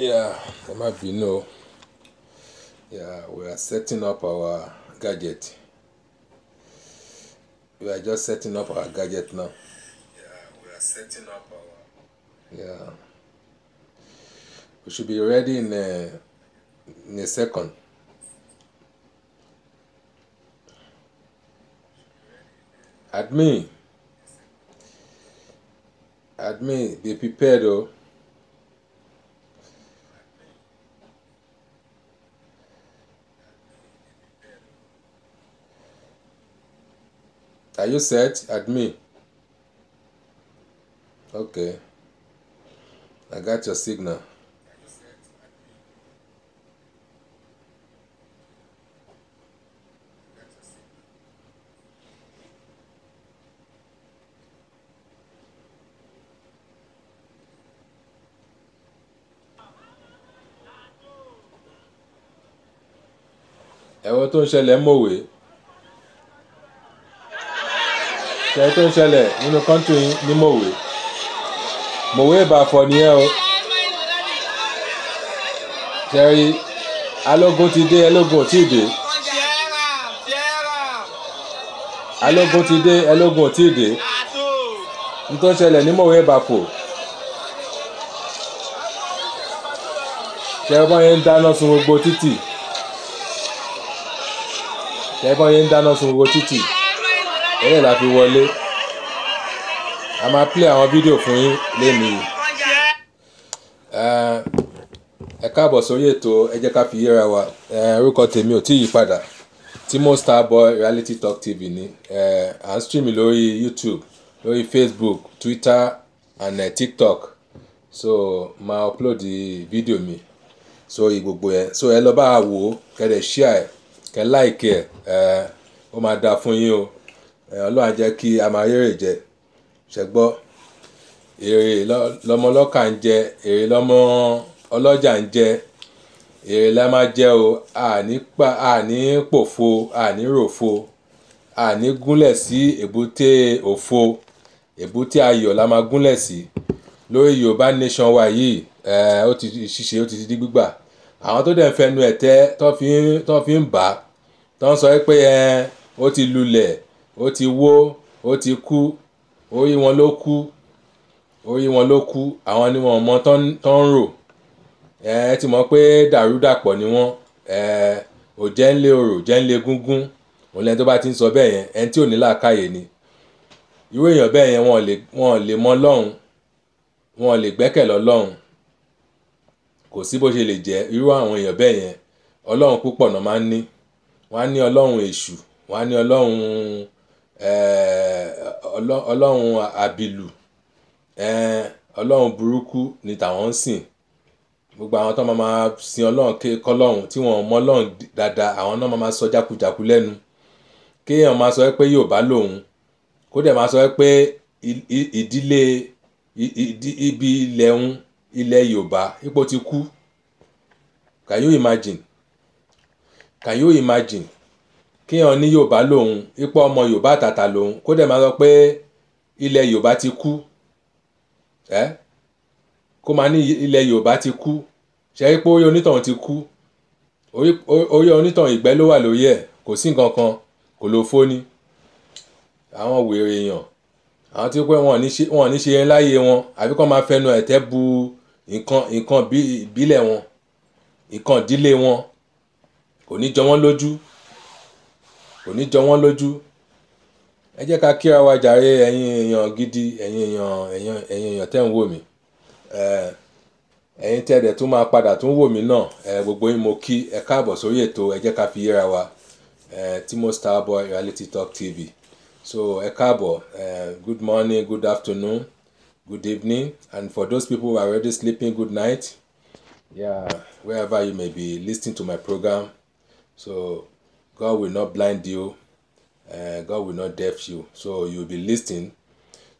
Yeah, ẹ might be no. Yeah, we are setting up our gadget. We are just setting up our gadget now. Yeah, we are setting up our. Yeah. We should be ready in a, in a second. Admin. Admin, be prepared though. Are you set admin? Okay. I got your signal. ẹ̀wọ́n tó ń ṣẹlẹ̀ mọ̀wé ìṣẹ̀lẹ̀ tó ń ṣẹlẹ̀ nínú kọ́ńtù ní mòwe mòwe ìbàfọ̀ nìyẹn o ṣẹ́rí alógún ti dé ẹlógún ò tíì dé alógún ti dé ẹlógún ò tíì dé n tó ń ṣẹlẹ̀ ní mòwe ìbàfọ̀ ṣẹ́gbọ́n yẹn ń dáná sun gbogbo títì ṣẹ́gbọ́n yẹn ń dáná sun gbogbo títì ẹ̀yẹ́ la fi wọlé a máa play àwọn fídíò fún yín lénìí ẹ káàbọ̀ sórí ètò ẹ jẹ́ ká fi yẹra wa orúkọ tèmi ò tí yí padà Timo Starboy Reality Talk TV ni à ń stream lórí YouTube lórí Facebook Twitter and uh, TikTok so máa upload fídíò mi sórí gbogbo ẹ so ẹ lọ bá a wò ó kẹ́ ẹ dẹ̀ share ẹ kẹ́ ẹ like ẹ ó máa dáa fún yín o ọlọ́run á jẹ́ kí a máa rérè jẹ ṣẹgbọ́ èrè lọ́mọ ọlọ́kà ń jẹ èrè lọ́mọ ọlọ́jà ń jẹ èrè la máa jẹ o àní pòfo àní ròfo àní gúnlẹ̀ sí èbúté òfo èbúté ayọ̀ la máa gúnlẹ̀ sí lórí yorùbá nation wa yìí ó ti ṣiṣe ó ti di gbígbà àwọn tó dẹ̀ ń fẹnu ẹ̀tẹ́ tó fi ń bà tó ń sọ pé ó ti lulẹ̀ ó ti wó ó ti kú orí wọn ló kú orí wọn ló kú àwọn ni wọn mọ tó ń rò ẹ ti mọ̀ pé dàrúdàpọ̀ ni wọ́n ẹ ò jẹ́ ń lé orò jẹ́ ń lé gúngún òun lẹ́ni tó bá ti ń sọ bẹ́ẹ̀ yẹn ẹni tí ò ní làákàyè ni irú èèyàn bẹ́ẹ̀ yẹn wọn ò lè mọ lọ́hùn wọn ò lè gbẹ́kẹ̀ lọ lọ́hùn kò sí bó ṣe lè jẹ́ irú àwọn èèyàn bẹ́ẹ̀ yẹn ọlọ́run púpọ̀ náà máa ń ní wọ́n á ní ọlọ́run èṣù wọ́n á ní ọlọ́run Eh, ọlọ́run àbìlù eh, ọlọ́run burúkú ni tàwọn ń sìn gbogbo àwọn tó máa sin ọlọ́run kọ́lọ́run tí wọ́n mọ ọlọ́run dáadáa àwọn náà máa sọ jákujàku lẹ́nu kéèyàn máa sọ pé Yorùbá lòun kó dẹ̀ máa sọ pé ìdílé ibi ilẹ̀ ń ilẹ̀ Yorùbá ipò ti kú can you imagine can you imagine kíyàn ní yorùbá lòun ipò ọmọ yorùbá àtàtà lòun kó dẹ̀ máa sọ pé ilẹ̀ yorùbá ti kú ẹ́ kó máa ní ilẹ̀ yorùbá ti kú ṣe é pé orí onítọ̀hún ti kú orí onítọ̀hún ìgbẹ́ ló wà lórí ẹ̀ kò sí nǹkan kan kò ló fóni àwọn wèrè èèyàn àwọn tí pé wọn ò ní ṣe láyé wọn àbí kó máa fẹnu ẹ̀tẹ́ bu nǹkan ìbílẹ̀ wọn nǹkan ìdílé wọn kò ní jọ wọ́n lójú kò ní jọ wọ́n lójú ẹ jẹ́ ká kíra wa jàre ẹ̀yin èèyàn gidi ẹ̀yin èèyàn ẹ̀yin èèyàn tẹ́ ń wò mí ẹ̀yin tẹ́ dẹ̀ tún máa padà tún wò mí náà gbogbo yín mo kí ẹ káàbọ̀ sórí ètò ẹ jẹ́ ká fi yíra wa Timo Starboy Reality Talk TV so ẹ káàbọ̀ good morning good afternoon good evening and for those people who are already sleeping good night yeah wherever you may be listening to my program so God will not blind you uh, God will not deaf you so you be listening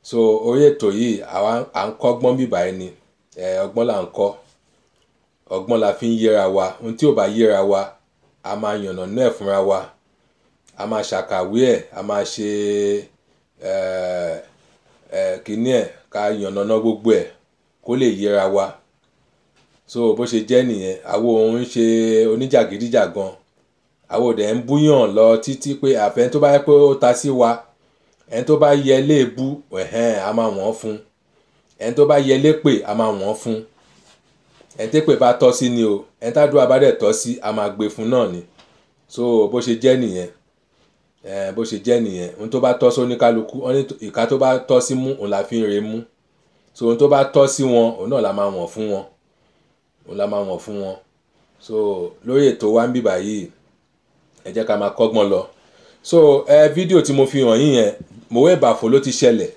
so orí ètò yìí àwa à ń kọ́gbọ́n bíbá ẹni eh, ọgbọ́n là ń kọ́ ọgbọ́n la fi ń yẹra wa ohun tí ò bá yẹra wa a máa yànnà náà fúnra wa a máa ṣàkàwé ẹ̀ a máa ṣe eh, kínní ẹ̀ ká yànnà náà gbogbo ẹ̀ kó lè yẹra wa so bó ṣe jẹ́ nìyẹn àwọn òun ń ṣe oníjàgídíjàgan àwọn òde ń búyàn lọ títí pé àfẹ́ tó bá yẹ pé ó ta sí wa ẹni tó bá yẹ léèbú ẹ̀hẹ́n a máa wọ́n fún ẹni tó bá yẹ lépè a máa wọ́n fún ẹni tépè bá tọ́ sí ni o ẹni tádùá bá dẹ̀ tọ́ sí a máa gbé fún náà ni so bó ṣe jẹ́ nìyẹn bó ṣe jẹ́ nìyẹn ohun tó bá tọ́ sí oníkálukú ìka tó bá tọ́ sí mú òun la fi ń re mú so ohun tó bá tọ́ sí wọn òun náà la máa wọ̀n fún wọn òun la máa wọ̀n fún wọn so lórí ètò wa ń bíbà yìí ẹ jẹ́ ká máa kọ́gbọ́n lọ so ẹ fídíò tí mo fi hàn yín yẹn Mòwe Bàfò ló ti ṣẹlẹ̀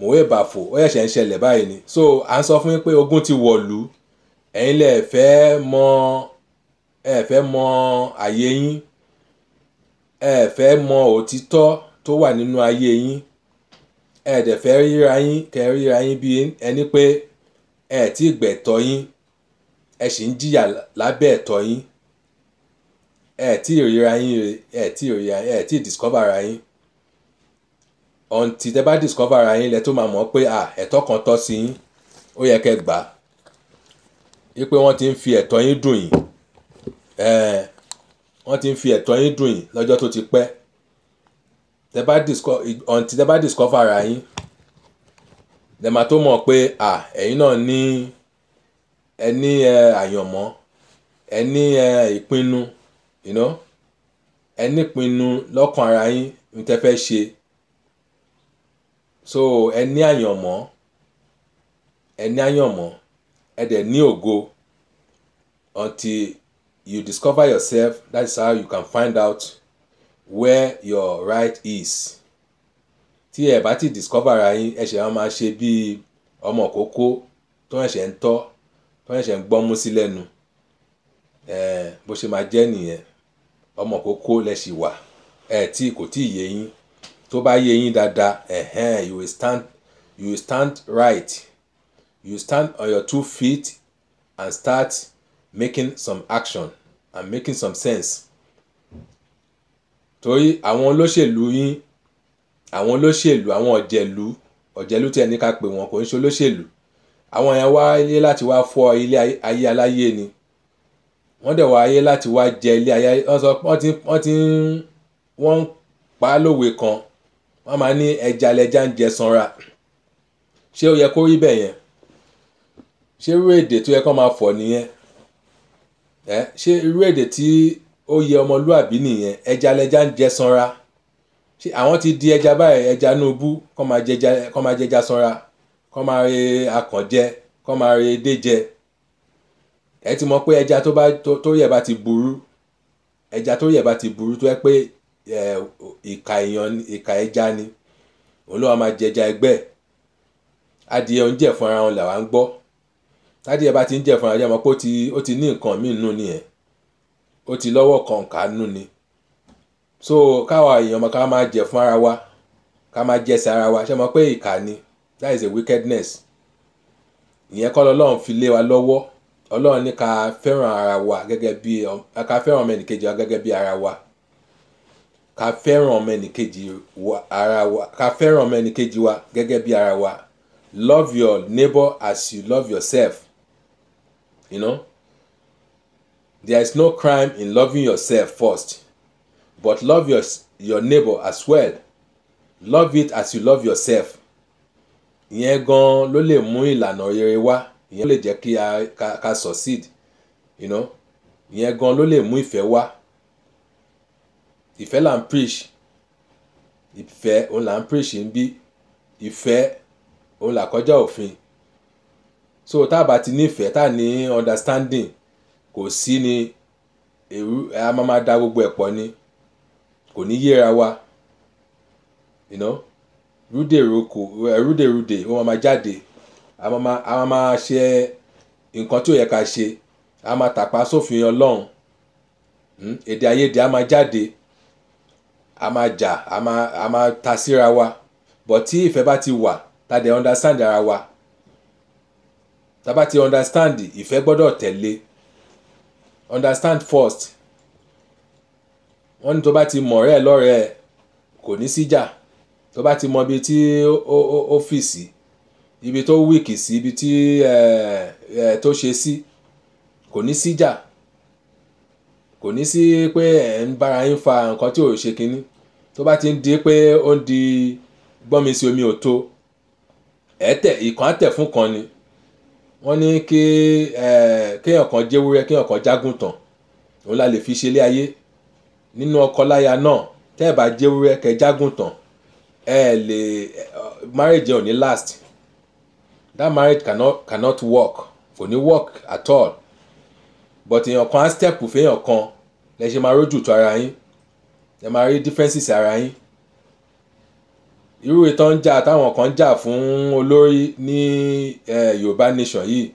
Mòwe Bàfò ó ṣẹ̀ṣẹ̀ ń ṣẹlẹ̀ báyìí ni so à ń sọ fún yín pé ogun ti wọ̀lú ẹ̀yin lẹ fẹ́ mọ ẹ fẹ́ mọ àyè yín ẹ fẹ́ mọ òtítọ́ tó wà nínú ayé yín ẹ dẹ̀ fẹ́ ríra yín kẹ́ ríra yín bí ẹni pé ẹ ti gbẹ̀tọ́ yín ẹ sì ń jìyà lábẹ́ ẹ̀tọ́ yín ẹ tí òyìnbá yín ẹ tí òyìnbá ẹ tí discover ara yín until tẹ bá discover ara yín lẹ tó máa mọ̀ pé à ẹ̀tọ́ kan tọ́ sí yín ó yẹ kẹ́ gbà á wípé wọ́n ti ń fi ẹ̀tọ́ yín dùn yín wọ́n ti ń fi ẹ̀tọ́ yín dùn yín lọ́jọ́ tó ti pẹ́ tẹ until tẹ bá discover ara yín lẹ máa tó mọ̀ pé à ẹ̀yin náà ní ẹ ní àyànmọ́ ẹ ní ìpinnu. E you know ẹ nípinnu lọ́kàn ara yín ní tẹ́ fẹ́ ṣe so ẹ ní àyànmọ́ ẹ ní àyànmọ́ ẹ dẹ̀ ní ògo until you discover yourself that is how you can find out where your right is tí ẹ bá ti discover ara yín ẹ ṣe máa ṣe bíi ọmọ kókó tó ẹ̀ṣẹ̀ ń tọ́ tó ẹ̀ṣẹ̀ ń gbọ́mú sí lẹ́nu bó ṣe máa jẹ́ nìyẹn ọmọ kókó lẹ ṣì wà ẹ tí kò tí ì yé yín tó bá yé yín dáadáa ẹ̀hẹ́n you stand you stand right you stand on your two feet and start making some action and making some sense torí àwọn olóṣèlú yín àwọn olóṣèlú àwọn ọ̀jẹ̀lú ọ̀jẹ̀lú tí ẹni ká pè wọ́n kò ń ṣe olóṣèlú àwọn yẹn wáyé láti wá fọ́ ilé ayé aláyé ni wọ́n dẹ̀ wáyé láti wá jẹ ilé ayé wọ́n sọ wọ́n ti wọ́n ti wọ́n ń pa á lòwe kan wọ́n máa ní ẹja lẹja ń jẹ sanra ṣé ó yẹ kó rí bẹ́ẹ̀ yẹn ṣé irú èdè tó yẹ kó máa fọ̀ nìyẹn ẹ ṣé irú èdè tí ó yẹ ọmọlúàbí nìyẹn ẹja lẹja ń jẹ sanra ṣé àwọn ti di ẹja báyìí ẹja nùbú kó máa jẹja sanra kó máa re akànjẹ kó máa re edé jẹ ẹ ti mọ̀ pé ẹja tó bá tó yẹ bá ti burú ẹja tó yẹ bá ti burú tó yẹ pé ìka èèyàn ìka ẹja ni òun ló wà máa jẹja ẹgbẹ́ adìẹ ń fún ara wọn làwa ń gbọ́ tádìẹ bá ti ń jẹ fún ara wọn pé ó ti ní nǹkan míì nù nìyẹn ó ti lọ́wọ́ kọ̀ǹkà nù ni so káwa èèyàn ọmọ ká máa jẹ fún ara wa ká máa jẹsẹ̀ ara wa ṣe mọ̀ pé ìka ni that is a wickedness ìyẹn kọ́ lọ́lọ́run fi lé wa lọ́wọ́ ọlọ́run ní ká fẹ́ràn ara wa gẹ́gẹ́ bí ká fẹ́ràn ọmọ ẹnìkejì wa gẹ́gẹ́ bí ara wa ká fẹ́ràn ọmọ ẹnìkejì wa ara wa ká fẹ́ràn ọmọ ẹnìkejì wa gẹ́gẹ́ bí ara wa love your neighbor as you love yourself you know there is no crime in loving yourself first but love your your neighbor as well love it as you love yourself ìyẹn gan ló lè mú ìlànà rere wá ìyẹn lè jẹ́ kí a ka ka succeed you know ìyẹn gan ló lè mú ìfẹ́ wá ìfẹ́ là ń preach ìfẹ́ òun là ń preach ń bí ìfẹ́ òun là kọjá òfin so tá a bá ti nífẹ̀ẹ́ tá a ní understanding kò sí ni èrú a máa ma da gbogbo ẹ̀ pọ̀ ni kò ní yéra wa you know rúdèrúdè ó máa ma jáde a máa máa a máa máa ṣe nǹkan tí ò yẹ ká ṣe a máa tàpá sófin ọlọ́run hmm, èdè àìyedè a máa jáde a máa jà a máa ta síra wa but tí ìfẹ́ bá ti wà ta dẹ̀ understand ara wa ta bá ti understand ìfẹ́ gbọ́dọ̀ tẹ̀lé understand first wọ́n ní tó bá ti mọ̀ ọ̀rẹ́ ẹ̀ lọ́rẹ́ ẹ̀ kò ní síjà tó bá ti mọ ibi tí ó fì sí ibi tó wíìkì sí ibi tí tó ṣe sí kò ní síjà kò ní sí pé ẹ̀ ń bára yín fa nǹkan tí ò ṣe kínní tó bá ti ń di pé ó ń di gbọ́nmi omi ò tó ẹ̀ẹ́tẹ̀ ìkan àtẹ̀ fún kan ni wọ́n ní kí kéèyàn kan jẹ́wúrẹ́ kéèyàn kan jágùntàn òun la lè fi ṣe ilé ayé nínú ọkọ láya náà tẹ́ ẹ̀ bá jẹ́wúrẹ́ kẹ́ jágùntàn ẹ̀ lè marriage ò ní last that marriage cannot cannot work kò ní work at all but èèyàn kan á step fèèyàn kan lẹ ṣe máa rójú tó ara yín lẹ máa rí differences ara yín irú ìtàn ń jà táwọn kan ń jà fún olórí ní yorùbá nation yìí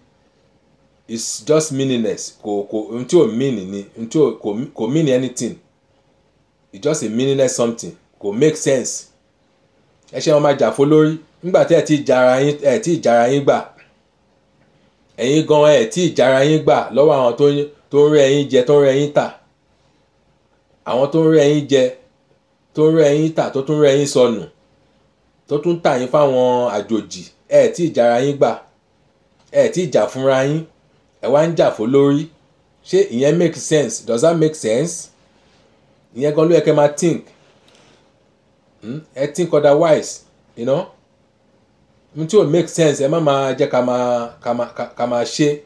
it's just meaningless kò kò ohun tí ò mean ni ohun tí kò kò mean anything it's just a meaningless something kò make sense ẹ ṣe wọn máa jà fún olórí nígbà tí ẹ ti jara yín ẹ ti jara yín gbà ẹ̀yin gan ẹ ti jara yín gbà lọ́wọ́ àwọn tó ń rẹ́ ẹ̀yin jẹ tó ń rẹ́ ẹ̀yin tà àwọn tó ń rẹ́ ẹ̀yin jẹ tó ń rẹ́ ẹ̀yin tà tó tún rẹ́ ẹ̀yin sọnù tó tún tà yín fáwọn àjòjì ẹ ti jara yín gbà ẹ ti jà fúnra yín ẹ wá ń jà fún lórí ṣé ìyẹn make sense does that make sense ìyẹn gan ló yẹ kẹ́ máa think hmm? ẹ mm? think otherwise you know n tí ò make sense ẹ má máa jẹ́ ká máa ká máa ká máa ṣe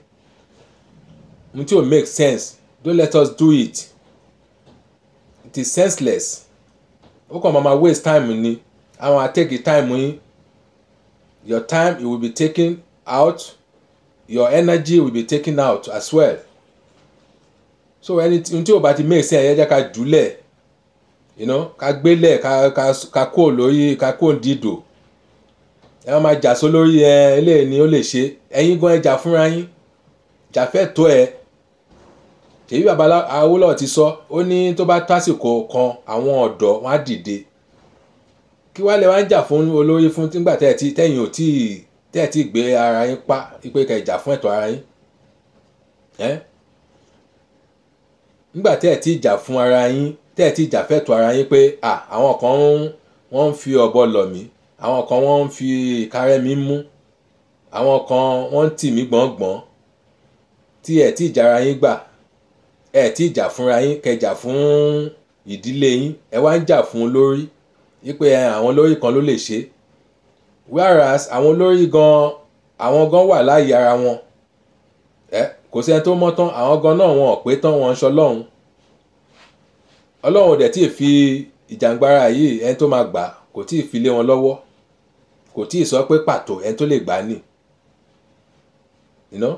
n make sense don't let us do it it is senseless ó kàn máa máa waste time ni a máa take time yín your time it will be taken out your energy will be taken out as well so ẹni tí ò bá ti make sense ẹ jẹ́ ká jùlẹ̀ you know ká gbélẹ̀ ká ká ká kó lóyè ká kó dìdò ẹ wọ́n máa jà só lórí ẹ eléyìí ni ó lè ṣe ẹ̀yin gan ẹ jà fúnra yín jàfẹ́ tó ẹ èyí bàbá Awólọ́wọ̀ ti sọ ó ní tó bá tásìkò kan àwọn ọ̀dọ́ wọn á dìde kí wàá lè wá ń jà fún olórí fún nígbà tẹ́ ẹ ti tẹ́yìn ò tí tẹ́ ẹ ti gbé ara yín pa pé kẹ́ ẹ jà fún ẹ̀tọ́ ara yín nígbà tẹ́ ẹ fún ara yín tẹ́ ẹ ti ara yín pé àwọn kan wọ́n ń fi ọ̀bọ lọ̀ mí àwọn kan wọ́n ń fi ìkarẹ́ mi mú àwọn kan wọ́n ń tì mí gbọ̀ngbọ̀n tí ẹ̀ tí ìjára yín gbà ẹ̀ tí ìjà fúnra yín kẹjà fún ìdílé yín ẹ wá ń jà fún olórí wípé àwọn olórí kan ló lè ṣe whereas àwọn olórí gan àwọn gan wà láàyè ara wọn ẹ kò sẹ́ni tó mọ́ tán àwọn gan náà wọn ò pé tán wọn ń ṣọlọ́run ọlọ́run ò dẹ̀ tí ì fi ìjàngbara yìí ẹni tó máa gbà kò tí ì fi lé wọn lọ́wọ́ kò tí ì sọ pé pàtó ẹni tó lè gbà ni iná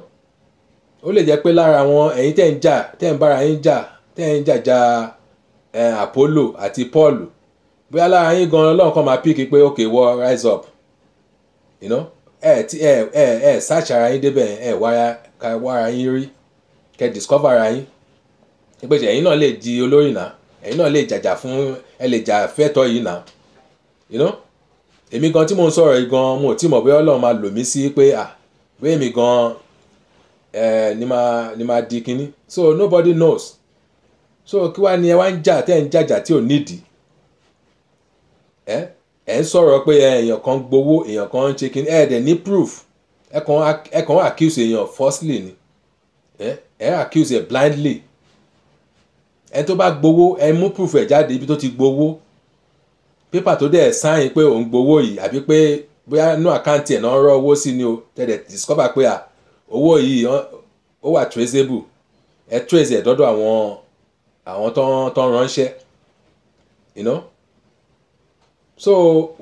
ó lè jẹ pé lára wọn ẹ̀yin tẹ́ ń jà tẹ́ ń bára yín jà ń Apollo àti Paul bóyá lára yín gan Ọlọ́run kan máa píkì pé okay wọ rise up iná ẹ ti ẹ ẹ ẹ ara yín débẹ̀ ẹ wára yín èmi gan tí mò ń sọ̀rọ̀ yìí gan mo ti mọ̀ bóyá ọlọ́run máa lò mí sí pé à bóyá èmi gan ni máa ni máa di kinní so nobody knows so kí wàá ní ẹ wá ń jà tẹ́ ẹ ń jàjà tí ò nídìí ẹ ẹ ń sọ̀rọ̀ pé èèyàn kan gbowó èèyàn kan ń ṣe kinní ẹ dẹ̀ ní proof ẹ kàn ẹ kàn accuse èèyàn falsely ni ẹ ẹ accuse ẹ blindly ẹ tó bá gbowó ẹ mú proof ẹ jáde ibi tó ti gbowó pépà tó dẹ̀ sáyìn pé òun gbowó yìí àbí pé bóyá inú àkáǹtì ẹ̀ náà rọ owó sí ni o tẹ̀lẹ̀ discover pé à owó yìí ó wà traceable ẹ trace ẹ̀ dọ́dọ̀ àwọn àwọn tó ń ránṣẹ́ you know so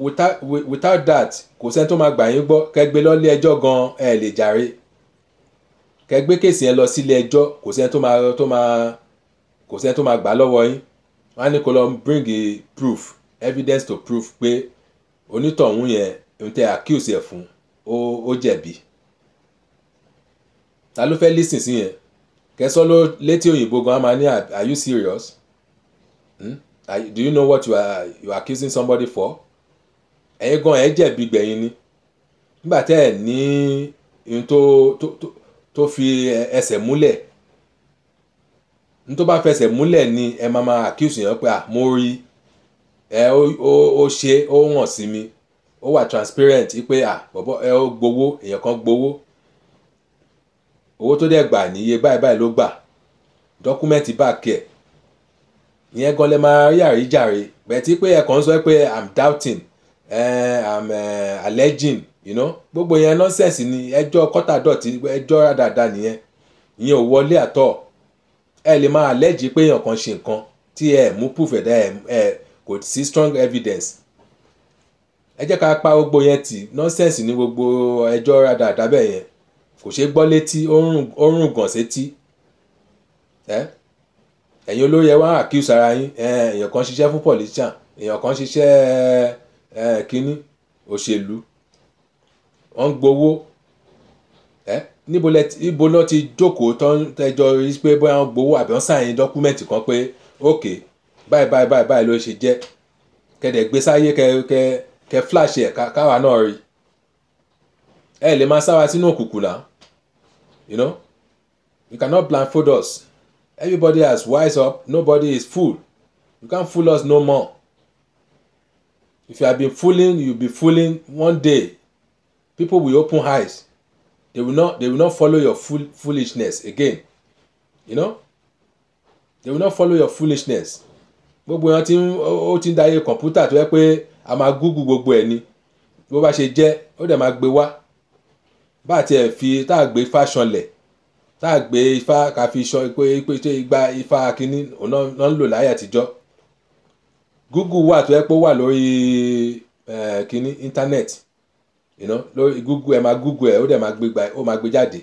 without, without that kò sẹ́ni tó máa gbà yín gbọ́ kẹgbẹ́ lọ́lé ẹjọ́ gan ẹ lè jàre kẹgbẹ́ kèsì yẹn lọ sílé ẹjọ́ kò sẹ́ni tó máa kò sẹ́ni tó máa gbà lọ́wọ́ yín wọ́n á ní kó lọ bring a proof evidence to prove pé onítọ̀hún yẹn ń tẹ accuse ẹ̀ fún ó ó jẹ̀bi ta ló fẹ́ lísìn sí yẹn kẹsọ ló létí òyìnbó gan ama ní are you serious hmm? are, do you know what you are, you are accusing somebody for ẹ̀yin gan ẹ̀ jẹ̀bi gbẹ̀yìn ni nígbà tẹ́ ẹ̀ ní ohun tó tó tó tó fi ẹsẹ̀ múlẹ̀ ní tó bá fẹsẹ̀ múlẹ̀ ni ẹ máa máa accuse yẹn pé à ah, mo rí i ẹ ó ṣe ó hàn sí mi ó wà transparent pé à bọ̀bọ̀ ẹ ó gbowó èèyàn kan gbowó owó tó dẹ̀ gbà níye báyìí báyìí ló gbà dọ́kúmẹ́ǹtì báàkì ẹ̀ ìyẹn gan lè máa rí àríjàre bẹ̀tí pé ẹ kàn ń sọ pé i'm doubting eh, i'm eh, alleging you know? gbogbo yẹn nonsense ni ẹjọ́ kọ́tàdọ̀tì ẹjọ́ dáadáa nìyẹn ìyẹn ò wọlé àtọ̀ ẹ lè máa allege pé èèyàn kan ṣe nǹkan tí ẹ mú proof ẹ̀dá ẹ kò sí strong evidence ẹ jẹ́ ká pa gbogbo yẹn tì nonsense ní gbogbo ẹjọ́ rádàdà bẹ́ẹ̀ yẹn kò ṣeé gbọ́ létí ó rùn gàn sétí ẹ ẹ̀yin olórí ẹ wá accuse ara yín èèyàn kan ṣiṣẹ́ fún politician èèyàn kan ṣiṣẹ́ kínní òṣèlú wọ́n ń gbowó ẹ níbo lẹ ti ibo náà ti jókòó tán tẹjọ rí pé bóyá wọ́n gbowó àbí wọ́n sàn yín dọ́kúmẹ̀ntì kan pé ókè. Okay báyìí báyìí báyìí báyìí ló ṣe jẹ́ kẹ̀dẹ̀ gbé sáyé kẹ kẹ kẹ flash ẹ̀ káwa náà rí ẹ lè máa sáwa sínú òkùnkùn náà you know you cannot blindfold us everybody has wise up nobody is fool you can't fool us no more if you have been fooling you be fooling one day people will open eyes they will not they will not follow your fool, foolishness again you know they will not follow your foolishness gbogbo yẹn ti ń ó ti ń darí kọ̀ǹpútà tó yẹ pé a máa gúgù gbogbo ẹ̀ ni bó bá ṣe jẹ́ ó dẹ̀ máa gbé wá bá àti ẹ̀ fi tá a gbé ifá ṣanlẹ̀ tá a gbé ifá ká fi ṣan pé pé ṣé igba ifá kínní náà ń lò láyé àtijọ́ gúgù wà tó yẹ pé ó wà lórí kínní íńtánẹ́ẹ̀tì you know lórí google ẹ máa google ẹ ó dẹ̀ máa gbé gba jáde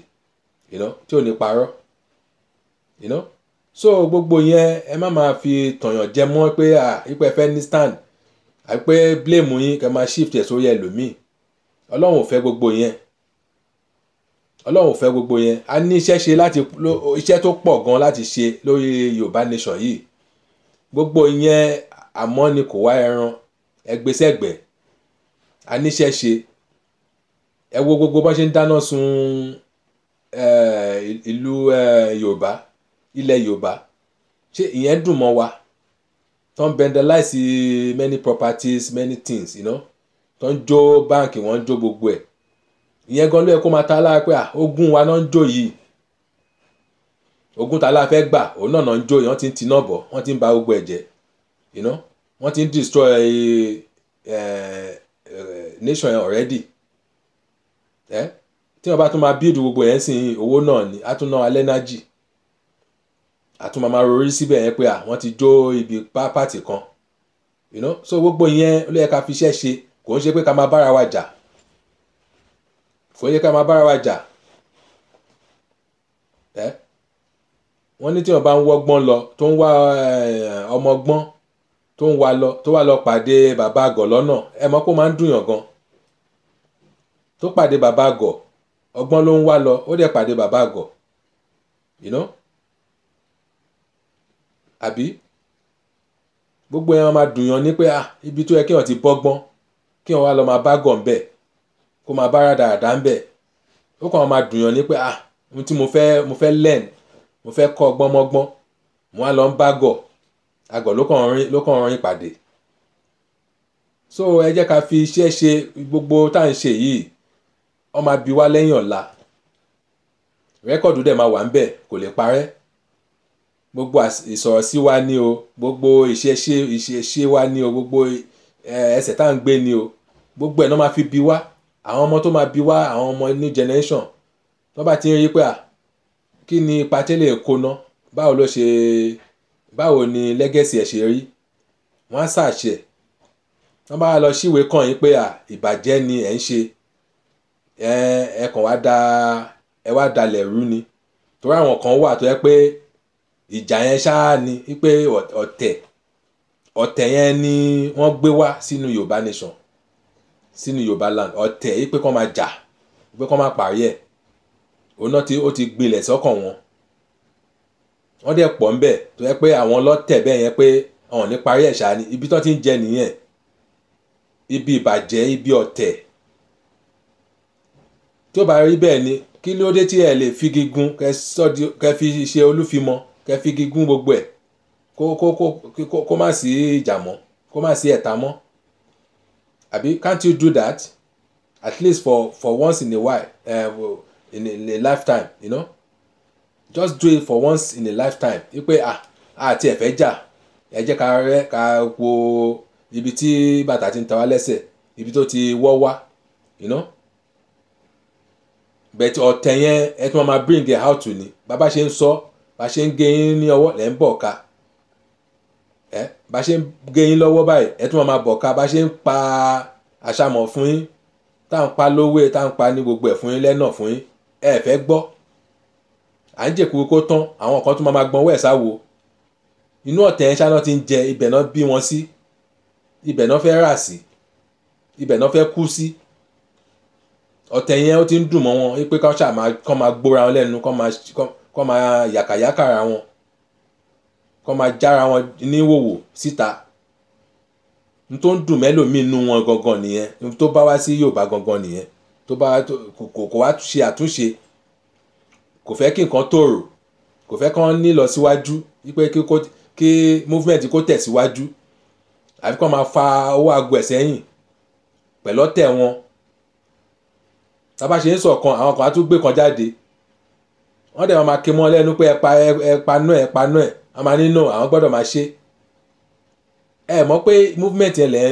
you know tí ò ní parọ́ you know so gbogbo yẹn ẹ má máa fi tọ̀yàn jẹ mọ́ pé à ipò ẹ fẹ́ ní stand àti pé blame yín kẹ́ máa shift ẹ̀ sórí ẹlòmíì ọlọ́run ò fẹ́ gbogbo yẹn ọlọ́run ò fẹ́ gbogbo yẹn a ní iṣẹ́ ṣe láti iṣẹ́ tó pọ̀ gan láti ṣe lórí yorùbá nation yìí gbogbo yẹn àmọ́ ni kò wá ẹran ẹgbẹ́sẹ̀gbẹ́ a ní iṣẹ́ ṣe ẹ wo gbogbo bó ṣe ń dáná sun ìlú yorùbá ilẹ̀ yorùbá ṣé ìyẹn dùn mọ́ wa tó ń vandalize many properties many things you know? tó ń jó báǹkì wọ́n ń jó gbogbo ẹ̀ ìyẹn gan ló yẹ kó máa ta lára pé ogún wa náà ń jó yìí ogún ta la fẹ́ gbà òun náà náà ń jó yìí wọ́n ti ń tiná bọ̀ wọ́n ti ń ba gbogbo ẹ̀ jẹ́ you know? wọ́n ti ń destroy uh, uh, nation already eh? tí wọ́n bá tún máa build gbogbo yẹn sìn owó náà ni á alẹ́ náà jì àtún máa rorí síbẹ̀ yẹn pé àwọn ti jó ibi pàtì kan you know so gbogbo yẹn ló yẹ ká fi iṣẹ́ ṣe kò ń ṣe pé ká máa bára wa jà kò ń ṣe ká máa bára wa jà ẹ wọ́n ní tí wọ́n bá ń wọ́gbọ́n lọ tó ń wá ọmọgbọ́n tó ń wá lọ tó wá lọ pàdé bàbá àgọ̀ lọ́nà ẹ mọ̀ kó máa ń dùnyàn gan tó pàdé bàbá àgọ̀ ọgbọ́n ló ń wá lọ ó dẹ̀ pàdé bàbá àgọ̀ you know àbí gbogbo yẹn máa dùn yàn ní pé ah ibi tó yẹ kí wọ́n ti bọ́gbọ́n kí wọ́n wá lọ máa bá gàn bẹ́ẹ̀ kó máa bá rádaràdà ń bẹ̀ ó kàn máa dùn yàn ní pé ah ohun tí mo fẹ́ mo fẹ́ learn mo fẹ́ kọ́ gbọ́nmọ́gbọ́n mo wá lọ ń bá gọ̀ agọ̀ ló kàn rìn ló kàn rìn pàdé so ẹ jẹ́ ká fi iṣẹ́ ṣe gbogbo tá à ń ṣe yìí ó máa bi wá lẹ́yìn ọ̀la rẹ́kọ̀dù dẹ̀ máa wà ń bẹ̀ kò lè parẹ́ gbogbo ìsọ̀rọ̀ sí wa ni o gbogbo ìṣeṣe ìṣeṣe wa ni o gbogbo ẹsẹ̀ tá à ń gbé ni o gbogbo ẹ̀ náà máa fi bi wá àwọn ọmọ tó máa bi wá àwọn ọmọ new generation tó bá ti ń rí pé à kí ni ipa tẹ́lẹ̀ kó ná báwo ló ṣe báwo ni legacy ẹ̀ ṣe rí wọ́n á ṣàṣẹ wọ́n bá lọ síwèé kàn yín pé à ìbàjẹ́ ni ẹ̀ ń ṣe ẹ kàn wá da ẹ wá dalẹ̀ rú ni torí àwọn kan wà tó yẹ pé ìjà yẹn ṣáá ni wípé ọ̀tẹ̀ ọ̀tẹ̀ yẹn ni wọ́n gbé wá sínú yorùbá nation sínú yorùbá land ọ̀tẹ̀ wípé kọ́ máa jà wípé kọ́ máa parí ẹ̀ òun náà ó ti gbilẹ̀ sọ́kàn wọn wọ́n dẹ̀ pọ̀ ńbẹ̀ tó yẹ pé àwọn lọ́tẹ̀ bẹ́ẹ̀ yẹn pé àwọn ní parí ẹ̀ ṣáá ni ibi tó ti ń jẹ nìyẹn ibi ìbàjẹ́ ibi ọ̀tẹ̀ tó bá rí bẹ́ẹ̀ ni kí ló dé tí ẹ lè figi gun kẹ fi ṣe olúfimọ́ kẹ́ gún gbogbo ẹ̀ kó kó kó kó má sí ìjà mọ́ kó má sí ẹ̀ta mọ́ àbí can't you do that at least for for once in a while uh, in, a, in a lifetime you know just do it for once in a lifetime wípé ah àti ẹ̀fẹ́ jà ẹ jẹ́ ká rẹ́ ká wo ibi tí bàtà ti ń ta lẹ́sẹ̀ ibi tó ti wọ́ wá you know bẹ̀tẹ̀ ọ̀tẹ̀ yẹn ẹ tún máa bring it out ni bàbá ṣe ń sọ bá ṣe ń gé yín ní ọwọ́ lẹ́ ń bọ̀ ká ẹ bá ṣe ń gé yín lọ́wọ́ báyìí ẹ tún máa bọ̀ ká bá ṣe ń pa àṣàmọ̀ fún yín tá à ń pa lówé tá à ń pa ní gbogbo ẹ̀ fún yín lẹ́nà fún yín ẹ fẹ́ gbọ́ à ń jèkú kó tán àwọn kan tún máa gbọ́n owó ẹ̀ sáwo inú ọ̀tẹ̀ ẹ̀ ṣáná ti ń jẹ ibẹ̀ náà bí wọn sí ibẹ̀ náà fẹ́ rà sí ibẹ̀ náà fẹ́ kú sí ọ̀tẹ̀ yẹn ó ti ń dùn mọ́ wọn pé kán ṣáà máa gbóra wọn lẹ́nu kán máa kọ́ máa yàkàyàkà ara wọn kọ́ máa jára wọn níwòwò síta n tó ń dùn mẹ́lòmíì nu wọn gangan nìyẹn tó bá wá sí Yorùbá gangan nìyẹn tó bá kò wá ṣe àtúnṣe kò fẹ́ kí nǹkan tòrò kò fẹ́ kán nílọ síwájú wípé kí movement kó tẹ̀síwájú àfi kán máa fa owó aago ẹ̀ sẹ́yìn pẹ̀lọ́tẹ̀ wọn tá a bá ṣe ń sọ̀kan àwọn kan á tún gbé kan jáde wọ́n dẹ̀ wọ́n máa ké mọ́ lẹ́nu pé ẹ̀pa ẹ̀pa náà ẹ̀pa náà wọ́n máa nínú àwọn gbọ́dọ̀ máa ṣe ẹ mọ̀ pé movement yẹn lẹ́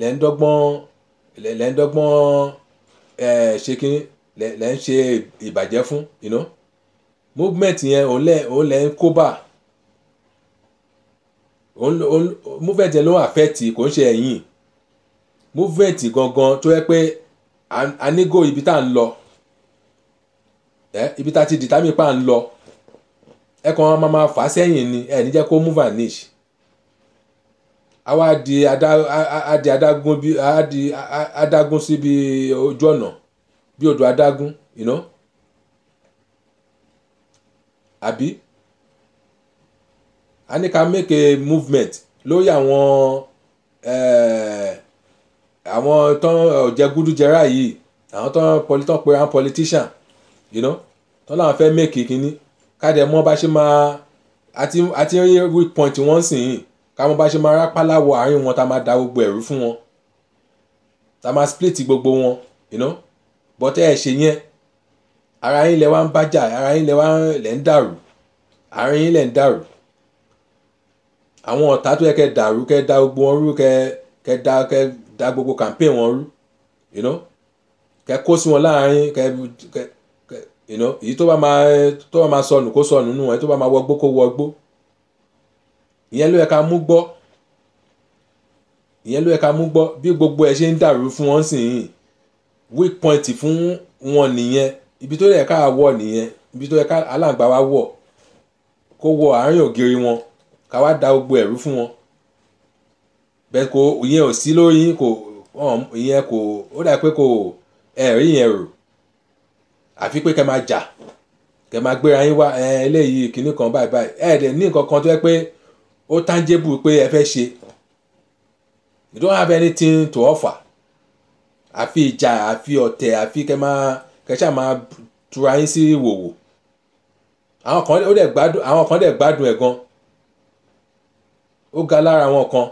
lẹ́ ń dọ́gbọ́n lẹ́ ń dọ́gbọ́n ṣe kí lẹ́ ń ṣe ìbàjẹ́ fún you know movement yẹn òun lẹ́ òun lẹ́ ń kó bá òun òun movement yẹn ló ń affect kò ń ṣe ẹ̀yìn movement gangan tó yẹ pé a ní ibi tá à ń lọ ẹ ibi tá a ti dìtámì pa ń lọ ẹ kàn máa máa fà á sẹ́yìn ni ẹ níjẹ́ kó mú vanish àwa di adágún adi adágún sí bi ojú ọ̀nà bí odò adágún you know àbí a ní ká make a movement lórí àwọn àwọn tán ọ̀jẹ̀gúdújẹrá eh, yìí àwọn tán pẹ̀lú tán pẹ̀lú àwọn politician you know tọ́lá wọn fẹ́ mẹ́kì kínní káde mọ́ bá ṣe máa àti àti weak point wọ́n sì yìn ká mọ́ bá ṣe máa rápálá wọ àárín wọn tá a máa da gbogbo ẹ̀rú fún wọn tá a máa split gbogbo wọn you know bọ́tẹ́ ẹ̀ ṣe yẹn ara yín lẹ wá ń bájà ara yín lẹ wá lẹ ń dàrú àárín yín lẹ ń dàrú àwọn ọ̀tá tó yẹ kẹ́ dàrú kẹ́ da gbogbo wọn rú kẹ́ kẹ́ da kẹ́ da gbogbo campaign wọn rú you know kẹ́ kó sí wọn láàárín kẹ́ kẹ́ you know èyí tó bá máa tó bá máa sọnù kó sọnù nù ẹ tó bá máa wọgbó kó wọgbó ìyẹn ló yẹ ká mú gbọ́ ìyẹn ló yẹ ká mú gbọ́ bí gbogbo ẹ ṣe ń dàrú fún wọn sì yìn weak point fún wọn nìyẹn ibi tó yẹ ká wọ nìyẹn ibi tó yẹ ká aláǹgbá wa wọ kó wọ àárín ògiri wọn ká wá da gbogbo ẹ̀rú fún wọn bẹ́ẹ̀ kò ìyẹn ò sí lórí kò ìyẹn kò ó dà pé kò ẹ̀rí yẹn rò àfi pé kẹ́ máa jà kẹ́ máa gbéra yín wá ẹ eléyìí kinní kan báyìí báyìí ẹ dẹ̀ ní nǹkan kan tó yẹ pé ó tangible pé ẹ fẹ́ ṣe you don't have anything to offer àfi ìjà àfi ọ̀tẹ̀ àfi kẹ́ máa kẹ́ ṣáà máa tura yín sí wòwò àwọn kan ó dẹ̀ gbádùn àwọn kan dẹ̀ gbádùn ẹ̀ gan ó ga lára àwọn kan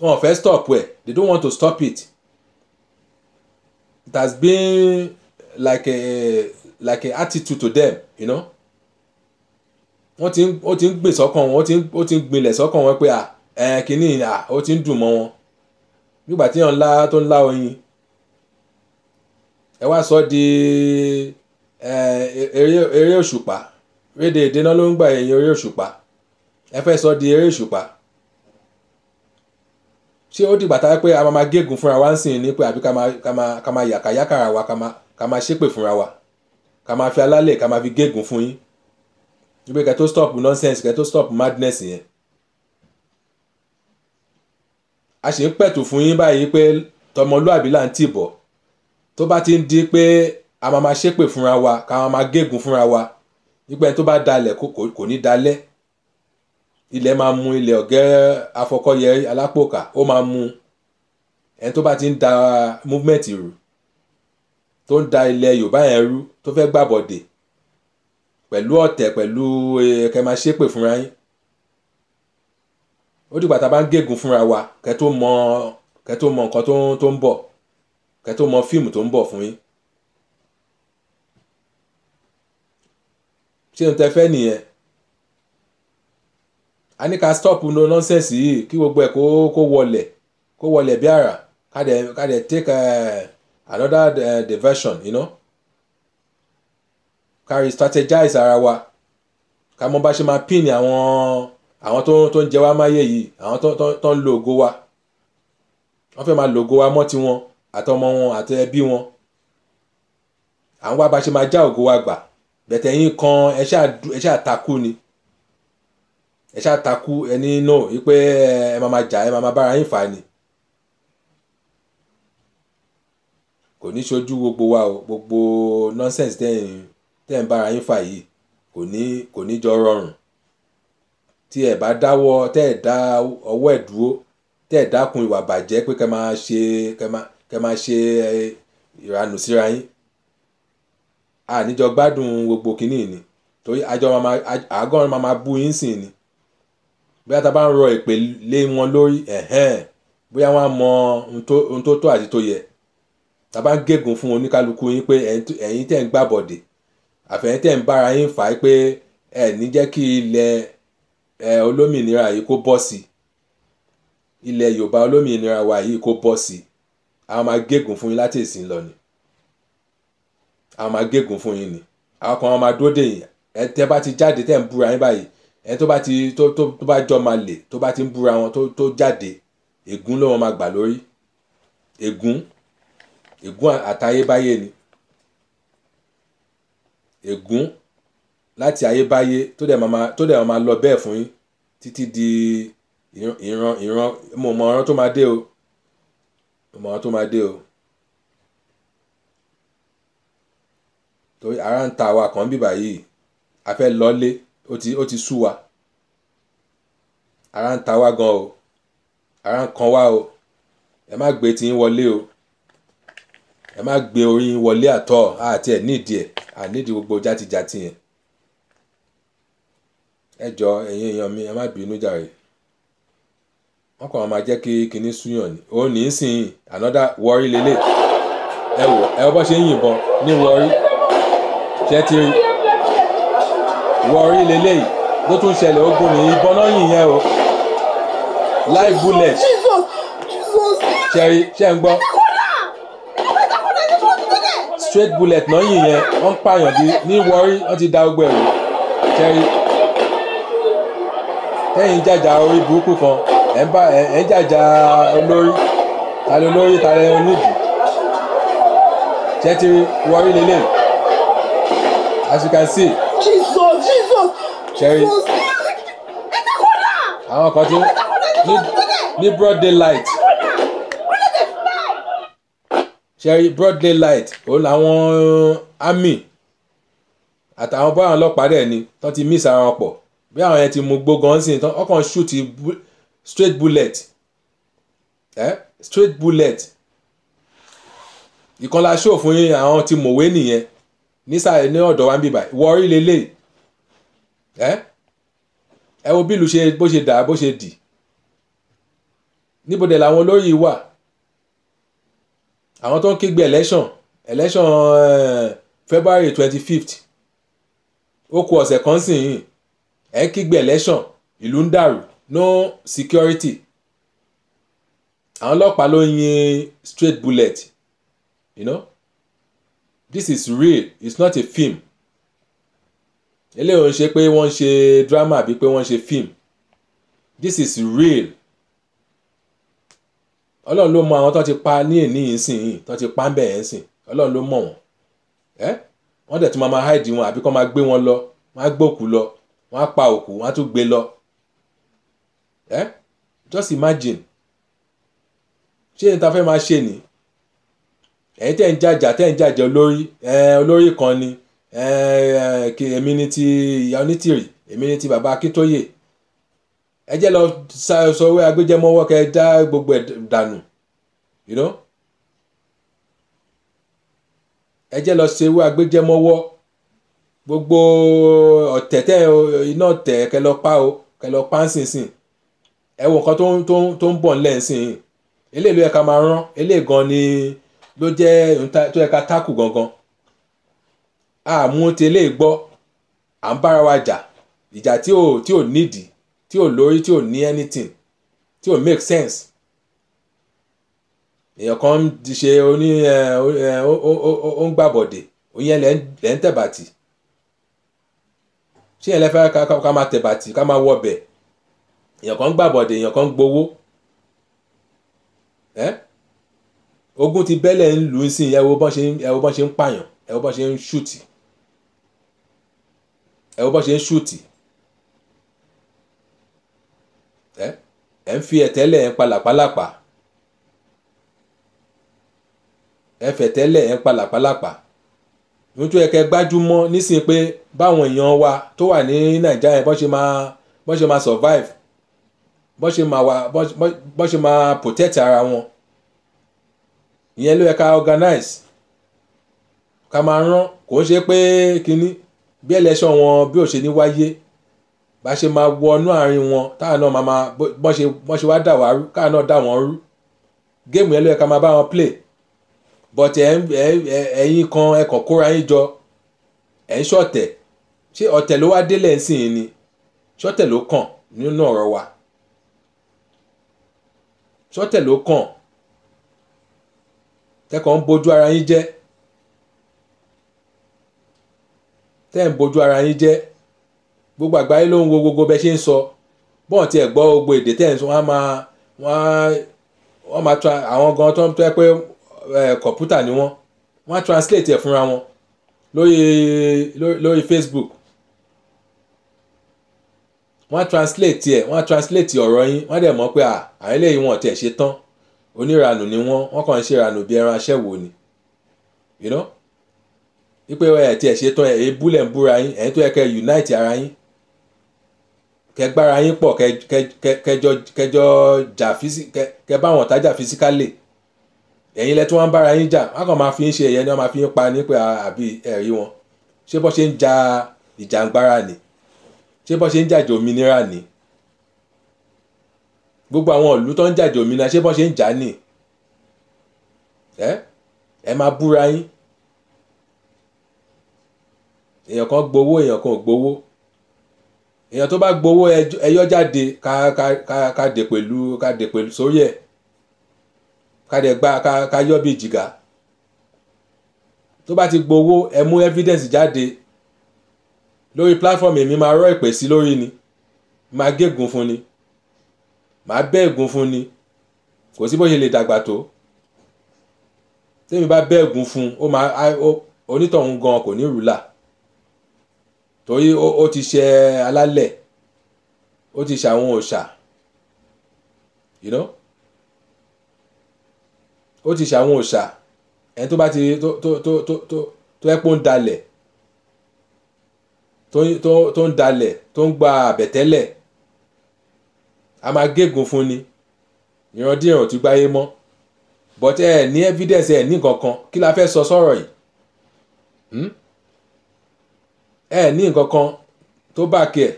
wọn ò fẹ́ stop ẹ̀ they don't want to stop it it has been like a like a attitude to them you know wọ́n ti ń wọ́n ti ń gbìn sọ́kàn wọn wọ́n ti ń gbìnlẹ̀ sọ́kàn wọn pé à ẹ̀ kínní à ó ti ń dùn mọ́ wọn nígbà tí yàn ńlá tó ńlá oyin ẹ wá sọ di eré òṣùpá rédè ìdènà ló ń gbà ẹ̀yìn eré òṣùpá ẹ fẹ́ sọ di eré òṣùpá ṣé ó dìgbà tá a pé a máa gégùn fúnra wa ń sìn ní pé àbí ká máa yàkàyàkàrà wa ká máa ká máa ṣépè fúnra wa ká máa fi alálẹ̀ ká máa fi gégùn fún yín wípé kẹ́ tó stop nonsense kẹ́ tó stop madness yẹn a ṣe ń pẹ̀tù fún yín báyìí pé tọmọlúàbí là ń tì bọ̀ tó bá ti ń di pé a máa máa ṣépè fúnra wa ká máa máa gégùn fúnra wa nígbà tó bá dalẹ̀ kò ní dalẹ̀ ilẹ̀ máa mu ilẹ̀ ọ̀gẹ́ afọkọ́yẹ alápòkà ó máa mu ẹni tó bá ti ń da movement rù tó ń da ilẹ̀ yorùbá yẹn rú tó fẹ́ gbàbọ̀dè pẹ̀lú ọ̀tẹ̀ pẹ̀lú e, kẹ́ máa fúnra yín ó dìgbà tá bá ń fúnra wa kẹ́ tó mọ kẹ́ tó mọ nǹkan ń bọ̀ kẹ́ tó mọ fíìmù tó ń bọ̀ fún yín ṣé n tẹ fẹ́ nìyẹn a ní ká stop no nonsense yìí kí gbogbo ẹ̀ Uh, another uh, diversion you know kárí strategize ara wa ká mọ bá ṣe máa pin àwọn àwọn tó tó ń jẹ wá máyé yìí àwọn tó tó tó ń lo ògo wa wọ́n fẹ́ máa lo ògo wa ti tiwọn àtọmọ wọn àti ẹbí wọn àwọn wá bá ṣe máa já ògo wa gbà bẹ̀tẹ̀ yín kan ẹ ṣáà takú ni ẹ ṣáà takú ẹni náà wípé ẹ máa máa jà ẹ máa máa bára yín fà ni kò ní ṣojú gbogbo wa o gbogbo nonsense tẹ́yìn tẹ́yìn bára yín fà yìí kò ní kò ní jọ rọrùn tí ẹ bá dáwọ́ tẹ́ ẹ dá ọwọ́ ẹ̀ dúró tẹ́ ẹ dákun ìwà bàjẹ́ pé kẹ́ máa ṣe kẹ́ máa kẹ́ máa ṣe ìranù síra yín àníjọ gbádùn gbogbo kínní ni torí àjọ máa àgọ́rin máa máa bú yín sìn ni bí ata bá ń rọ èpè lé wọn lórí ẹ̀hẹ́n bóyá wọ́n á mọ ohun tó tó àti tó yẹ tá a bá ń gégùn fún oníkálukú yín pé ẹ̀yin tẹ̀ ń gbàbọ̀dè àfẹ̀yìn tẹ̀ ń bára yín fà á pé ẹ̀ ní jẹ́ kí ilẹ̀ ẹ̀ olómìnira yìí kó bọ́ sí ilẹ̀ Yorùbá olómìnira wa yìí kó bọ́ sí a máa gégùn fún yín láti ìsìn lọ ni a máa gégùn fún yín ni àwọn kan máa dúró dè yín ẹ tẹ́ bá ti jáde tẹ́ ń búra yín báyìí ẹ tó bá ti tó tó tó bá jọ máa lè tó bá ti ń búra wọn tó jáde ègún ló wọn máa gbà lórí ègún ègún àtayébáyé ni ègún láti ayébáyé tó dẹ̀ máa tó dẹ̀ máa lọ bẹ́ẹ̀ fún yín títí di ìran ìran mo mọ ọ̀ràn tó máa dé o mo mọ ọ̀ràn tó máa dé o torí ara ń ta wa kàn bíbà yìí a fẹ́ lọ́lé ó ti ó ti sú wa ara ń ta wa gan o ara ń kan wa o ẹ má gbé tí ń wọlé o ẹ má gbé orin wọlé àtọ àti ẹ nídìí ẹ ànídìí gbogbo játijàti yẹn ẹ jọ ẹ̀yin èèyàn mi ẹ má bínú jàre wọn kàn máa jẹ́ kí kinní súyàn ni ó ní í sìn another wọrí lélẹ̀ ẹ wò ẹ bọ́ ṣe ń yìnbọn ní wọrí ṣe ti rí wọrí lélẹ̀ yìí ló tún ṣẹlẹ̀ ogun ní ìbọn náà yìn yẹn o live bullet ṣe ń gbọ́ straight bullet náà yìn yẹn wọ́n pààyàn bí ní wọ́rí wọ́n ti da ogbó ẹ̀rù kẹrí kẹ́yìn jàjà orí burúkú kan ẹ̀ ń bá ẹ̀ ń jàjà olórí tàlẹ́ olórí tàlẹ́ onídìí jẹ́ ti wọ́rí lélẹ̀ as you can see. Jesus Jesus. kẹrí àwọn kan ti ní broad daylight. Sherry broad daylight ó làwọn uh, army àtàwọn báwọn ọlọ́pàá dẹ̀ ni tán ti miss ara wọn pọ̀ bí àwọn yẹn ti mú gbógan sí tán ọkàn shoot straight bullet eh? straight bullet ìkànlá show fún yín àwọn ti mọ̀wé nìyẹn nísàlẹ̀ ní ọ̀dọ̀ wa ń bíbà wọrí lélẹ̀ ẹ ẹ wo bí ìlú ṣe bó ṣe dà bó ṣe dì níbo dẹ̀ làwọn olóyè wà àwọn tó ń kígbe election election eh, February twenty fifth ó kù ọ̀sẹ̀ kan sì yìn ẹ̀ ń kígbe election ìlú ń dàrú no security àwọn ọlọ́pàá ló yin straight bullet you know this is real it's not a film eléyìí ò ń ṣe pé wọ́n ń ṣe drama àbí pé wọ́n ń ṣe film this is real ọlọ́run ló mọ àwọn tó ti pa ní èní ìsìn tó ti pa ń bẹ̀ ẹ́ sìn ọlọ́run ló mọ̀ wọ́n ẹ́ wọ́n dẹ̀ tún máa máa háìdì wọn àbí kọ́ máa gbé wọn lọ wọ́n á gbókù lọ wọ́n á pa òkú wọ́n á tún gbé lọ ẹ́ just imagine ṣé ní ta fẹ́ máa ṣe ni ẹ̀yin tẹ́ ń jàjà tẹ́ ń jàjà olórí olórí kan ni èmi ni ti ìyá onítìrì èmi ni ti bàbá akíntóyè ẹ jẹ́ lọ sọ wẹ́ agbẹjẹmọ́wọ́ kẹ́ ẹ dá gbogbo ẹ̀ dànù you know ẹ jẹ́ lọ ṣe wẹ́ agbẹjẹmọ́wọ́ gbogbo ọ̀tẹ̀ tẹ́ iná tẹ̀ kẹ́ lọ pa o kẹ́ lọ pa ńsìnsìn ẹ wo nǹkan tó ń tó ń tó ń bọ̀ ńlẹ̀ ńsìn eléyìí ló yẹ ká máa rán eléyìí gan ni ló jẹ́ tó yẹ ká tákù gangan àmú tẹ́lẹ̀ gbọ́ à ń bára wa jà ìjà tí ò tí ò nídìí tí ò lórí tí ò ní anything tí ò make sense èèyàn kan ń ṣe oní ó ń gbàbọ̀dè òyìn lẹ́ ń tẹ̀bàtì ṣé ẹ̀ lẹ́fẹ́ ká máa tẹ̀bàtì ká máa wọbẹ̀ èèyàn kan ń gbàbọ̀dè èèyàn kan ń gbowó ẹ́ ogun ti bẹ́lẹ̀ ń lù ú sí ẹ wo bọ́n ṣe ẹ wo bọ́n ṣe ń pààyàn ẹ wo bọ́n ṣe ń ṣùtì ẹ wo bọ́n ṣe ń ṣùtì ẹ̀ ń fi ẹ̀tẹ́lẹ̀ ẹ̀ palàpalàpà ẹ fẹ̀tẹ́lẹ̀ ẹ̀ palàpalàpà nítorí ẹ̀kẹ́ gbájúmọ́ nísìnyí pé báwọn èèyàn wa tó wà ní nàìjíríà yẹn bọ́n ṣe máa bọ́n ṣe máa survive bọ́n ṣe máa wà bọ́n ṣe máa protect ara wọn ìyẹn ló yẹ ká organize ká máa rán kò ń ṣe pé kínní bí election wọn bí ò ṣe ní wáyé bá ṣe máa wọnú àárín wọn táwọn náà máa máa bọ́n ṣe wá dà wá rú káwọn náà dà wọ́n rú géèmù yẹn ló yẹ ká máa bá wọn play but ẹ̀yin kan ẹ̀kọ́ kóra yín jọ ẹ̀ ń ṣọ̀tẹ̀ ṣé ọ̀tẹ̀ ló wá délẹ̀ ńsìn ni ṣọ̀tẹ̀ ló kàn nínú ọ̀rọ̀ wa ṣọ̀tẹ̀ ló kàn tẹ́kọ̀ọ́ ń bójú ara yín jẹ́ tẹ́ ń bójú ara yín jẹ́ gbogbo àgbáyé ló ń wo gbogbo bẹ́ẹ̀ ṣe ń sọ bọ́ọ̀n tiẹ̀ gbọ́ gbogbo èdè tẹ̀ ń sọ wọ́n máa wọ́n máa tra àwọn gan tó ń tẹ́ pé kọ̀ǹpútà ni wọ́n wọ́n á translate ẹ̀ fúnra wọn lórí lórí Facebook wọ́n á translate ẹ̀ wọ́n á translate ọ̀rọ̀ yín wọ́n á dẹ̀ mọ̀ pé àwọn eléyìí wọn tiẹ̀ ṣe tán oníranù ni wọ́n wọ́n kàn ń ṣe ìranù bí ẹran aṣẹ́wó ni you know wípé ẹ̀ tiẹ̀ ṣe tán ẹ̀ búlẹ̀ ń búra yín ẹ̀yin tó yẹ kẹ́ unite ara yín kẹgbára yín pọ kẹjọ jà kẹ bá wọn tájà fisikálì ẹ̀yin lẹ́tọ́ wọn bára yín jà wọn kàn máa fi ń ṣe ẹ̀yẹ ni wọn máa fi ń pa nípa àbí ẹ̀rí wọn ṣé bọ́ ṣe ń ja ni ṣé bọ́ ṣe ń òmìnira ni gbogbo àwọn ìlú tó ń òmìnira ṣé bọ́ ṣe ẹ ẹ máa búra yín èèyàn kan gbowó èèyàn èèyàn tó bá gbowó ẹyọ jáde ká ká ká ká dè pẹ̀lú ká dè pẹ̀lú sórí ẹ̀ ká dẹ̀ gba ká ká yọ bí jìgà tó bá ti gbowó ẹ mú evidence jáde lórí platform èmi máa rọ ìpè sí lórí ni máa gégùn fún ni máa bẹ́ ègún fún ni kò sí bó ṣe lè dàgbà tó tèmi bá bẹ́ ègún fún ó onítọ̀hún gan kò ní rúlà torí ó ti ṣe alálẹ̀ ó ti ṣe àwọn òòṣà you know ó ti ṣe àwọn òòṣà ẹni tó bá ti tó tó tó tó tó tó ẹ́ pò ń dalẹ̀ tó tó tó ń dalẹ̀ tó ń gba àbẹ̀tẹ́lẹ̀ a máa gégùn fún ni ìrandíran ti gbáyé mọ́ but ẹ ní evidence ẹ ní kankan kí la fẹ́ sọ sọ̀rọ̀ yìí. Hmm? ẹ ní nǹkan kan tó bá kí ẹ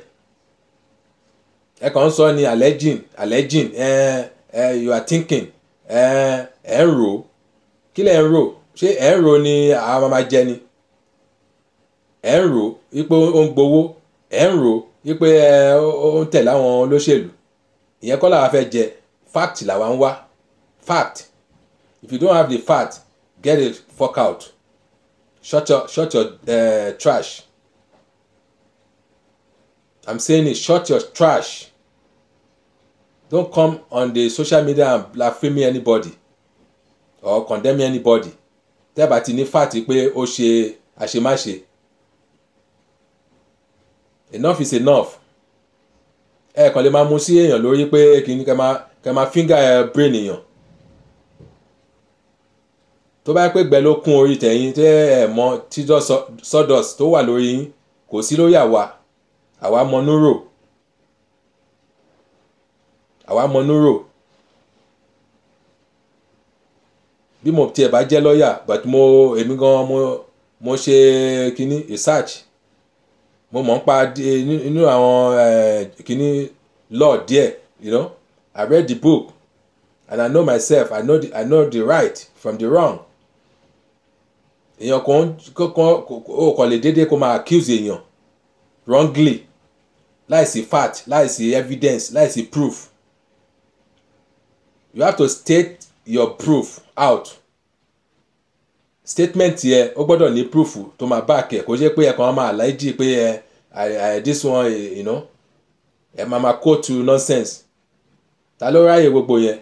ẹ kàn ń sọ ni alleging alleging ẹ ẹ you are thinking ẹ ẹ ń rò kí lẹ ń rò ṣé ẹ ń rò ni àwọn máa jẹ ni ẹ ń rò wípé ó ń gbowó ẹ ń rò wípé ó ń tẹ̀lé àwọn olóṣèlú ìyẹn kọ́ làwa fẹ́ jẹ fact làwa ń wá fact if you don't have the fact get it fuck out shut your shut your uh, trash. I'm saying is shut your trash. Don't come on the social media and blaspheme anybody or condemn anybody. Tẹ́bà ti ní fàtí pé ó ṣe àṣemáṣe. Enough is enough. Ẹ kàn lè máa mu sí èèyàn lórí pé kì í kẹ máa fíńgà ẹ brain èèyàn. Tó bá yẹ pé gbẹ ló kún orí tẹ̀yìn tẹ́ ẹ̀ mọ tíjọ́ sawdust tó wà lórí yín kò sí lórí àwa àwa mọnúrò àwa mọnúrò bí mo tiẹ̀ bá jẹ́ lọ́ọ̀yà but mo èmi gan mo mo ṣe kínní research mo mọ̀ ń pa nínú àwọn eh, kínní law díẹ̀ you know I read the book and I know myself I know the, I know the right from the wrong èèyàn kan ó kàn lè déédéé kó máa accuse èèyàn wrongly láìsí fact láìsí evidence láìsí proof you have to state your proof out statement yẹ ó gbọ́dọ̀ ní proof tó máa back ẹ̀ kó jẹ́ pé ẹ̀ kàn máa láìjì pé ẹ̀ eh, this one eh, you know ẹ̀ máa máa quote to nonsense ta ló ráyè gbogbo yẹn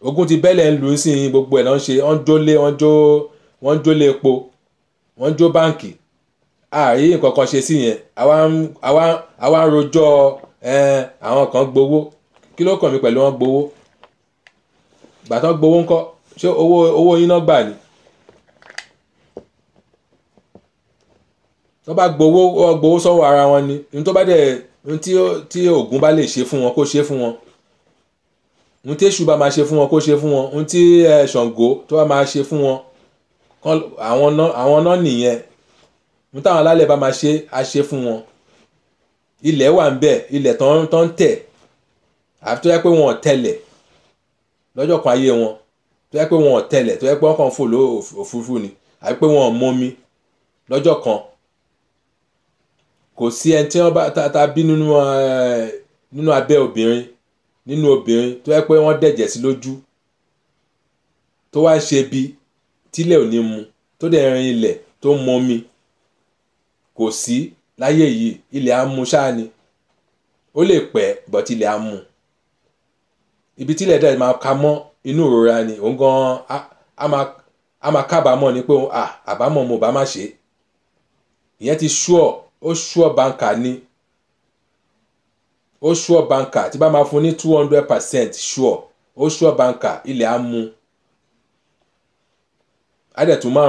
ogun ti bẹ́lẹ̀ ń lù ú sí gbogbo ẹ̀ lọ́n ṣe wọ́n jólé wọ́n jó wọ́n jólé epo wọ́n jó báǹkì àrí nǹkan kan ṣe sí yẹn àwa ń rojọ́ àwọn kan gbowó kí ló kàn mí pẹ̀lú wọn gbowó bàtán gbowó ńkọ́ ṣé owó owó yín náà gbà ni tó bá gbowó gbowó sọ́wọ́ ara wọn ni ní tó bá dẹ̀ ní tí oògùn bá lè ṣe fún wọn kó ṣe fún wọn ní tí èṣù bá máa ṣe fún wọn kó ṣe fún wọn ní tí ṣàngó tó bá máa ṣe fún wọn àwọn náà nìyẹn n táwọn alálẹ̀ bá máa ṣe á ṣe fún wọn ilẹ̀ wà ń bẹ̀ ilẹ̀ tán tán tẹ̀ àfi tó yẹ pé wọn ò tẹlẹ̀ lọ́jọ́ kan ayé wọn tó yẹ pé wọn ò tẹlẹ̀ tó yẹ pé wọn kàn fò ló òfurufú ni àfi pé wọn ò mọmi lọ́jọ́ kan kò sí ẹni tí wọ́n bá ta bí nínú nínú abẹ́ obìnrin nínú obìnrin tó yẹ pé wọ́n dẹ̀jẹ̀ sí lójú tó wá ṣe bí tílẹ̀ ò ní mu tó dẹ̀ rin ilẹ̀ tó mọmi kò sí láyé yìí ilẹ̀ á mu ṣáà ni ó lè pẹ́ but ilẹ̀ á mu ibi tí ilẹ̀ dẹ̀ máa ka mọ́ inú ìrora ni òun gan a máa kábàámọ̀ ni pé àbámọ̀ mo bá má ṣe ìyẹn ti ṣúọ̀ ó ṣúọ̀ báńkà ni ó ṣúọ̀ báńkà tí bá máa fún ní two hundred percent ṣúọ̀ ó ṣúọ̀ báńkà ilẹ̀ á mu á dẹ̀ tún máa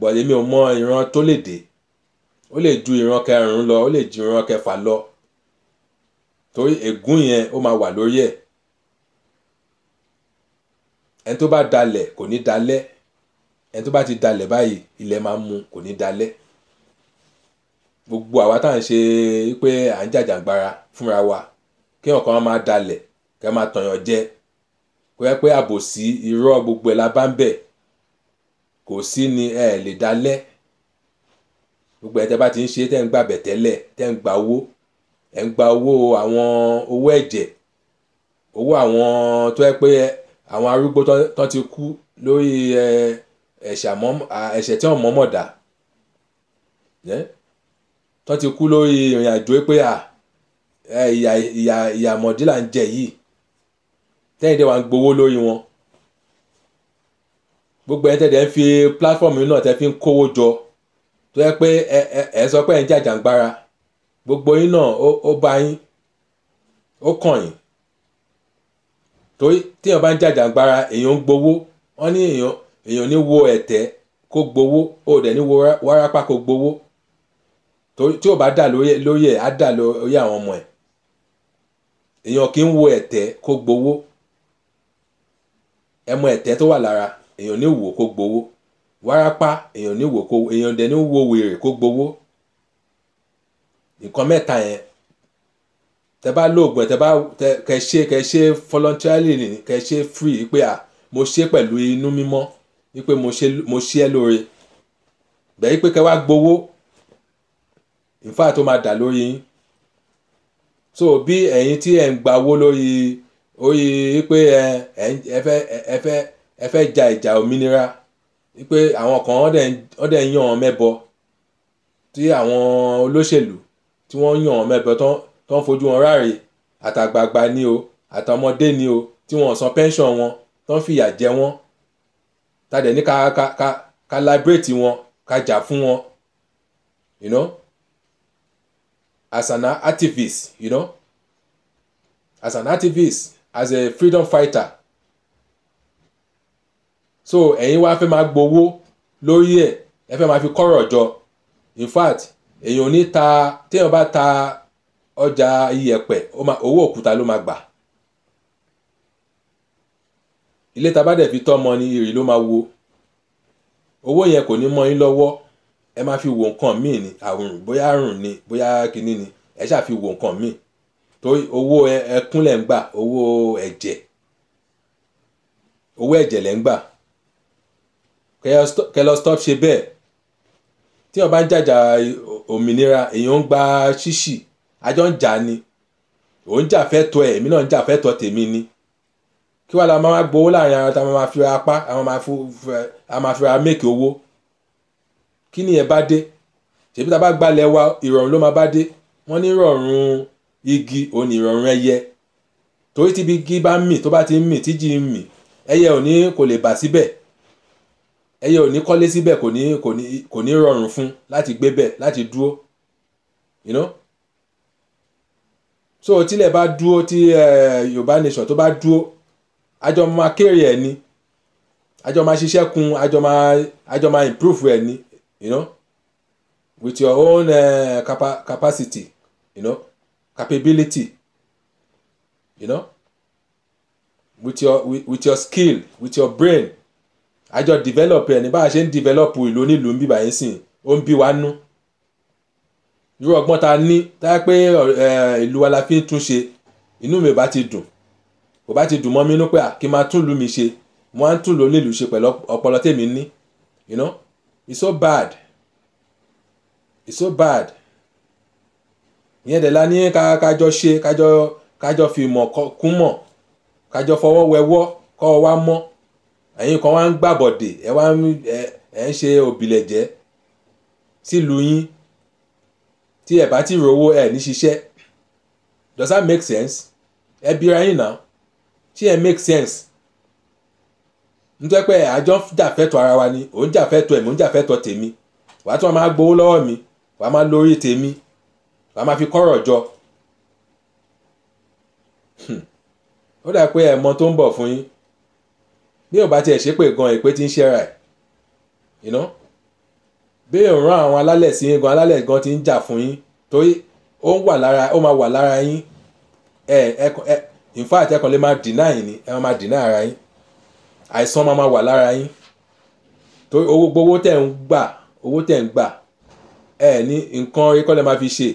bọ̀dé mi ò mọ ìran tó lè dé ó lè ju ìran kẹrùn lọ ó lè ju ìran kẹfà lọ torí ègún yẹn ó máa wà lórí ẹ̀ ẹni tó bá dalẹ̀ kò ní dalẹ̀ ẹni tó bá ti dalẹ̀ báyìí ilẹ̀ máa mu kò ní dalẹ̀ gbogbo àwa tá à ń ṣe pé à ń jàjàgbara fúnra wa kí ọ̀kan máa dalẹ̀ kí máa tọ̀yàn jẹ pé àbòsí irọ́ gbogbo ẹ̀ la bá ń bẹ̀ kò sí ni ẹ lè dalẹ̀ gbogbo ẹ̀ tẹ́ bá ti ń ṣe tẹ́ ń gbàbẹ̀ tẹ́lẹ̀ tẹ́ ń gba owó ẹ̀ ń gba owó àwọn owó ẹ̀jẹ̀ owó àwọn tó yẹ pé àwọn arúgbó tó ti kú lórí ẹ̀ṣẹ̀ tí wọ́n mọ̀ọ́mọ̀ dá tó ti kú lórí ìrìn àjò pé ìyà ìyà ìyà mọ̀dí là ń jẹ yìí tẹ́yìn dé wa ń gbowó lórí wọn gbogbo ẹ̀ tẹ̀lé ń fi platform náà te fi ń kówó jọ tó yẹ pé ẹ gbogbo yín náà ó bá yín ó kàn yín torí bá ń jàjàǹgbara èèyàn ń gbowó ní wo ẹ̀tẹ́ kó gbowó ó dẹ̀ ní wárápá kó gbowó tí ò bá dà lórí ẹ̀ á dà lórí àwọn ọmọ èèyàn èèyàn ní wò kó gbowó wárápá èèyàn ní wò kó èèyàn dẹ̀ ní wo wèrè kó gbowó nǹkan mẹ́ta yẹn tẹ bá lóògùn ẹ tẹ bá kẹ ṣe kẹ ṣe voluntarily ni kẹ ṣe free pé à mo ṣe pẹ̀lú inú mímọ́ wípé mo ṣe ẹ lóore bẹ́ẹ̀ wípé kẹ wá gbowó ìfá tó máa dà lórí yín so bí ẹ̀yin tí ẹ̀ ń gbawó lórí orí pé ẹ ẹ fẹ́ ẹ fẹ́ ẹ fẹ́ ja ìjà òmìnira wípé àwọn kan wọ́n dẹ̀ ń yàn án mẹ́bọ tí àwọn olóṣèlú tí wọ́n ń yàn án mẹ́bọ tó ń fojú wọn ráre àtàgbààgbà ni o àtọmọdé ni o tí wọ́n san pension wọn tó ń fìyà jẹ wọ́n tàdé ní ká ká ká ká liberate wọn ká jà fún wọn you know as an activist you know as an activist as a freedom fighter so ẹ̀yin wá fẹ́ máa gbowó lórí ẹ̀ ẹ fẹ́ máa fi kọ́rọ̀ jọ in fact èèyàn ní ta téèyàn bá ta ọjà iyẹ̀pẹ̀ owó òkúta ló máa gbà ilé tá bá dẹ̀ fi tọ́mọ ni èrè ló máa wo owó yẹn kò ní mọ yín lọ́wọ́ ẹ máa fi wo nǹkan míì ni àrùn bóyá àrùn ni bóyá kinní ni ẹ ṣáà fi wo nǹkan míì torí owó ẹkún lẹ̀ ń gbà owó ẹ̀jẹ̀ owó ẹ̀jẹ̀ lẹ̀ kẹlọ stop ṣe bẹ́ẹ̀ tí wọ́n bá ń jàjà òmìnira èèyàn ń gba ṣíṣì àjọ ń jà ni òun jà fẹ́tọ̀ ẹ̀ èmi náà ń jà fẹ́tọ̀ tèmi ni kí wàá la máa gbowó láàrin ara tá a máa fi ra apá a máa fi ra méèkì owó kí ni ẹ bá dé ṣèbí tá bá gbalẹ̀ wa ìrọ̀rùn ló máa bá dé wọ́n ní ìrọ̀rùn igi òun ní ìrọ̀rùn ẹyẹ torí tíbi igi bá ń mì tó bá ti ń mì tíjì ń mì ẹyẹ òní kò lè bà síbẹ̀ ẹyẹ ò ní kọ́lé síbẹ̀ kò ní kò ní kò ní rọrùn fún láti gbé bẹ̀ láti dúró you know so tílẹ̀ bá dúró tí yorùbá nation tó bá dúró àjọ máa kéré ẹ̀ ni àjọ máa ṣiṣẹ́ kun àjọ máa àjọ máa improve ẹ̀ ni you know with your own uh, capa capacity you know capability you know with your with, with your skill with your brain àjọ develop ẹ̀ ní bá a ṣe ń develop ìlú onílùú ń bíbà yín sìn ó ń bí wa nú irú ọgbọ́n ta ní táyà pé ìlú wa la fi ń tún ṣe inú mi ò bá ti dùn kò bá ti dùn mọ́ mi inú pé kí n máa tún ìlú mi ṣe mo máa ń tún ìlú onílùú ṣe pẹ̀lú ọpọlọ tèmi ní you know it's so bad it's so bad ìyẹn dẹ̀ la ní kájọ ṣe kájọ kájọ fi mọ̀ kún mọ̀ kájọ fọwọ́ wẹwọ́ kọ́ ọ wá mọ́ ẹ̀yin kan wá ń gbàbọ̀dè ẹ wá ń ṣe òbílẹ̀jẹ́ sílùú yín tí ẹ bá ti rówó ẹ ní ṣiṣẹ́ does that make sense ẹ bíra yín náà ṣé ẹ make sense nítorí pé àjọ ń jàfẹ́tọ̀ ara wa ni òun jàfẹ́tọ̀ ẹ̀mí òun jàfẹ́tọ̀ tèmi wàá tún wàá máa gbowó lọ́wọ́ mi wàá máa lórí tèmi wàá máa fi kọ́rọ̀ jọ hmm. ó dà pé ẹ̀mọ tó ń bọ̀ fún yín béèyàn bá tiẹ̀ ṣépè gan èpè tí ń ṣẹ́ra ẹ̀ you know béèyàn àwọn alálẹ̀ sí yín gan alálẹ̀ gan ti ń jà fún yín torí ó wà lára ó máa wà lára yín ẹ ẹ ẹ in fact lè máa deny ni ẹ máa deny ara yín àìsàn máa máa wà lára yín torí owó gbowó tẹ̀ ń gbà owó tẹ̀ ń gbà ẹ ní nǹkan orí kọ́ lẹ máa fi ṣe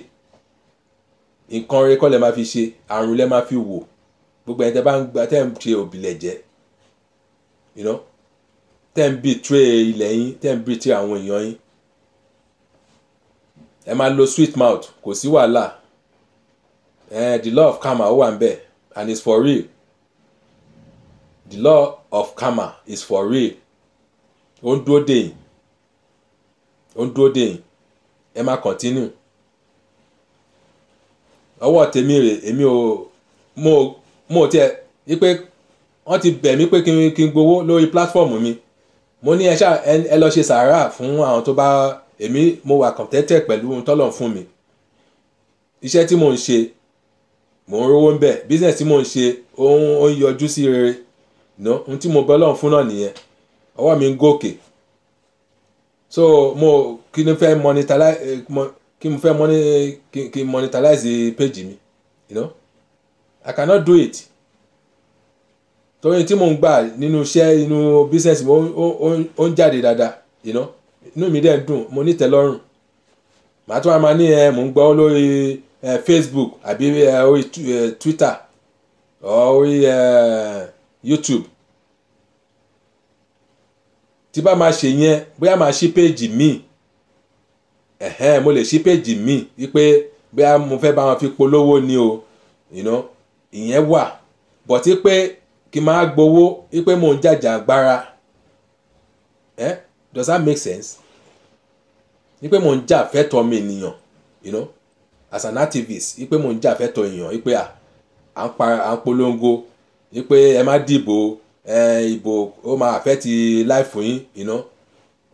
nǹkan orí kọ́ lẹ máa fi ṣe àrùn lẹ máa fi wò gbogbo ẹ̀ tẹ́ bá ń gbà tẹ́ ń ṣe òbílẹ̀ jẹ́ you know tẹ́ ń betray ilẹ̀ yín tẹ́ ń betray àwọn èèyàn yín ẹ máa lo sweet mouth kò sí wàhálà eh, the law of karma ó wà ń bẹ̀ and it's for real the law of karma is for real ó ń dúró dè yín ó ń dúró dè ẹ máa continue ọwọ́ tèmi rè èmi ò mo ò tiẹ̀ wípé wọ́n ti bẹ̀ mí pé kí n gbowó lórí platform mi mo ní ẹ ṣá ẹ lọ ṣe sàárà fún àwọn tó bá èmi mo wà contented pẹ̀lú ohun tọ́lọ̀ fún mi iṣẹ́ tí mò ń ṣe mò ń rówó ń bẹ̀ business tí mò ń ṣe ó ń yọjú sí rere ohun tí mo bọ́ lọ́hùn fún náà nìyẹn ọwọ́ mi ń gòkè so mo kí ni fẹ́ monetize eh, kí mo fẹ́ monetize page mi you know I cannot do it torí tí mò ń gbà nínú iṣẹ́ inú business mi ó ń jáde dáadáa you know inú mi dẹ̀ ń dùn mo ní tẹ́lọ́rùn màá tún máa ní ẹ mò ń gbọ́ lórí ẹ Facebook àbí ẹ orí Twitter orí ẹ YouTube tí bá máa ṣe yẹn bóyá máa ṣí péèjì míì ẹ̀hẹ́n mo lè ṣí péèjì míì wípé bóyá mo fẹ́ bá wọn fi polówó ni o you know ìyẹn wà bọ̀tí pé kí n máa gbowó wípé mò ń jàjà agbára eh? does that make sense wípé mò ń jà fẹ́tọ̀ mi ènìyàn you know? as an activist wípé mò ń jà fẹ́tọ̀ èèyàn wípé à ń polongo wípé ẹ má dìbò ìbò ó máa fẹ́ ti láì fún yín you know?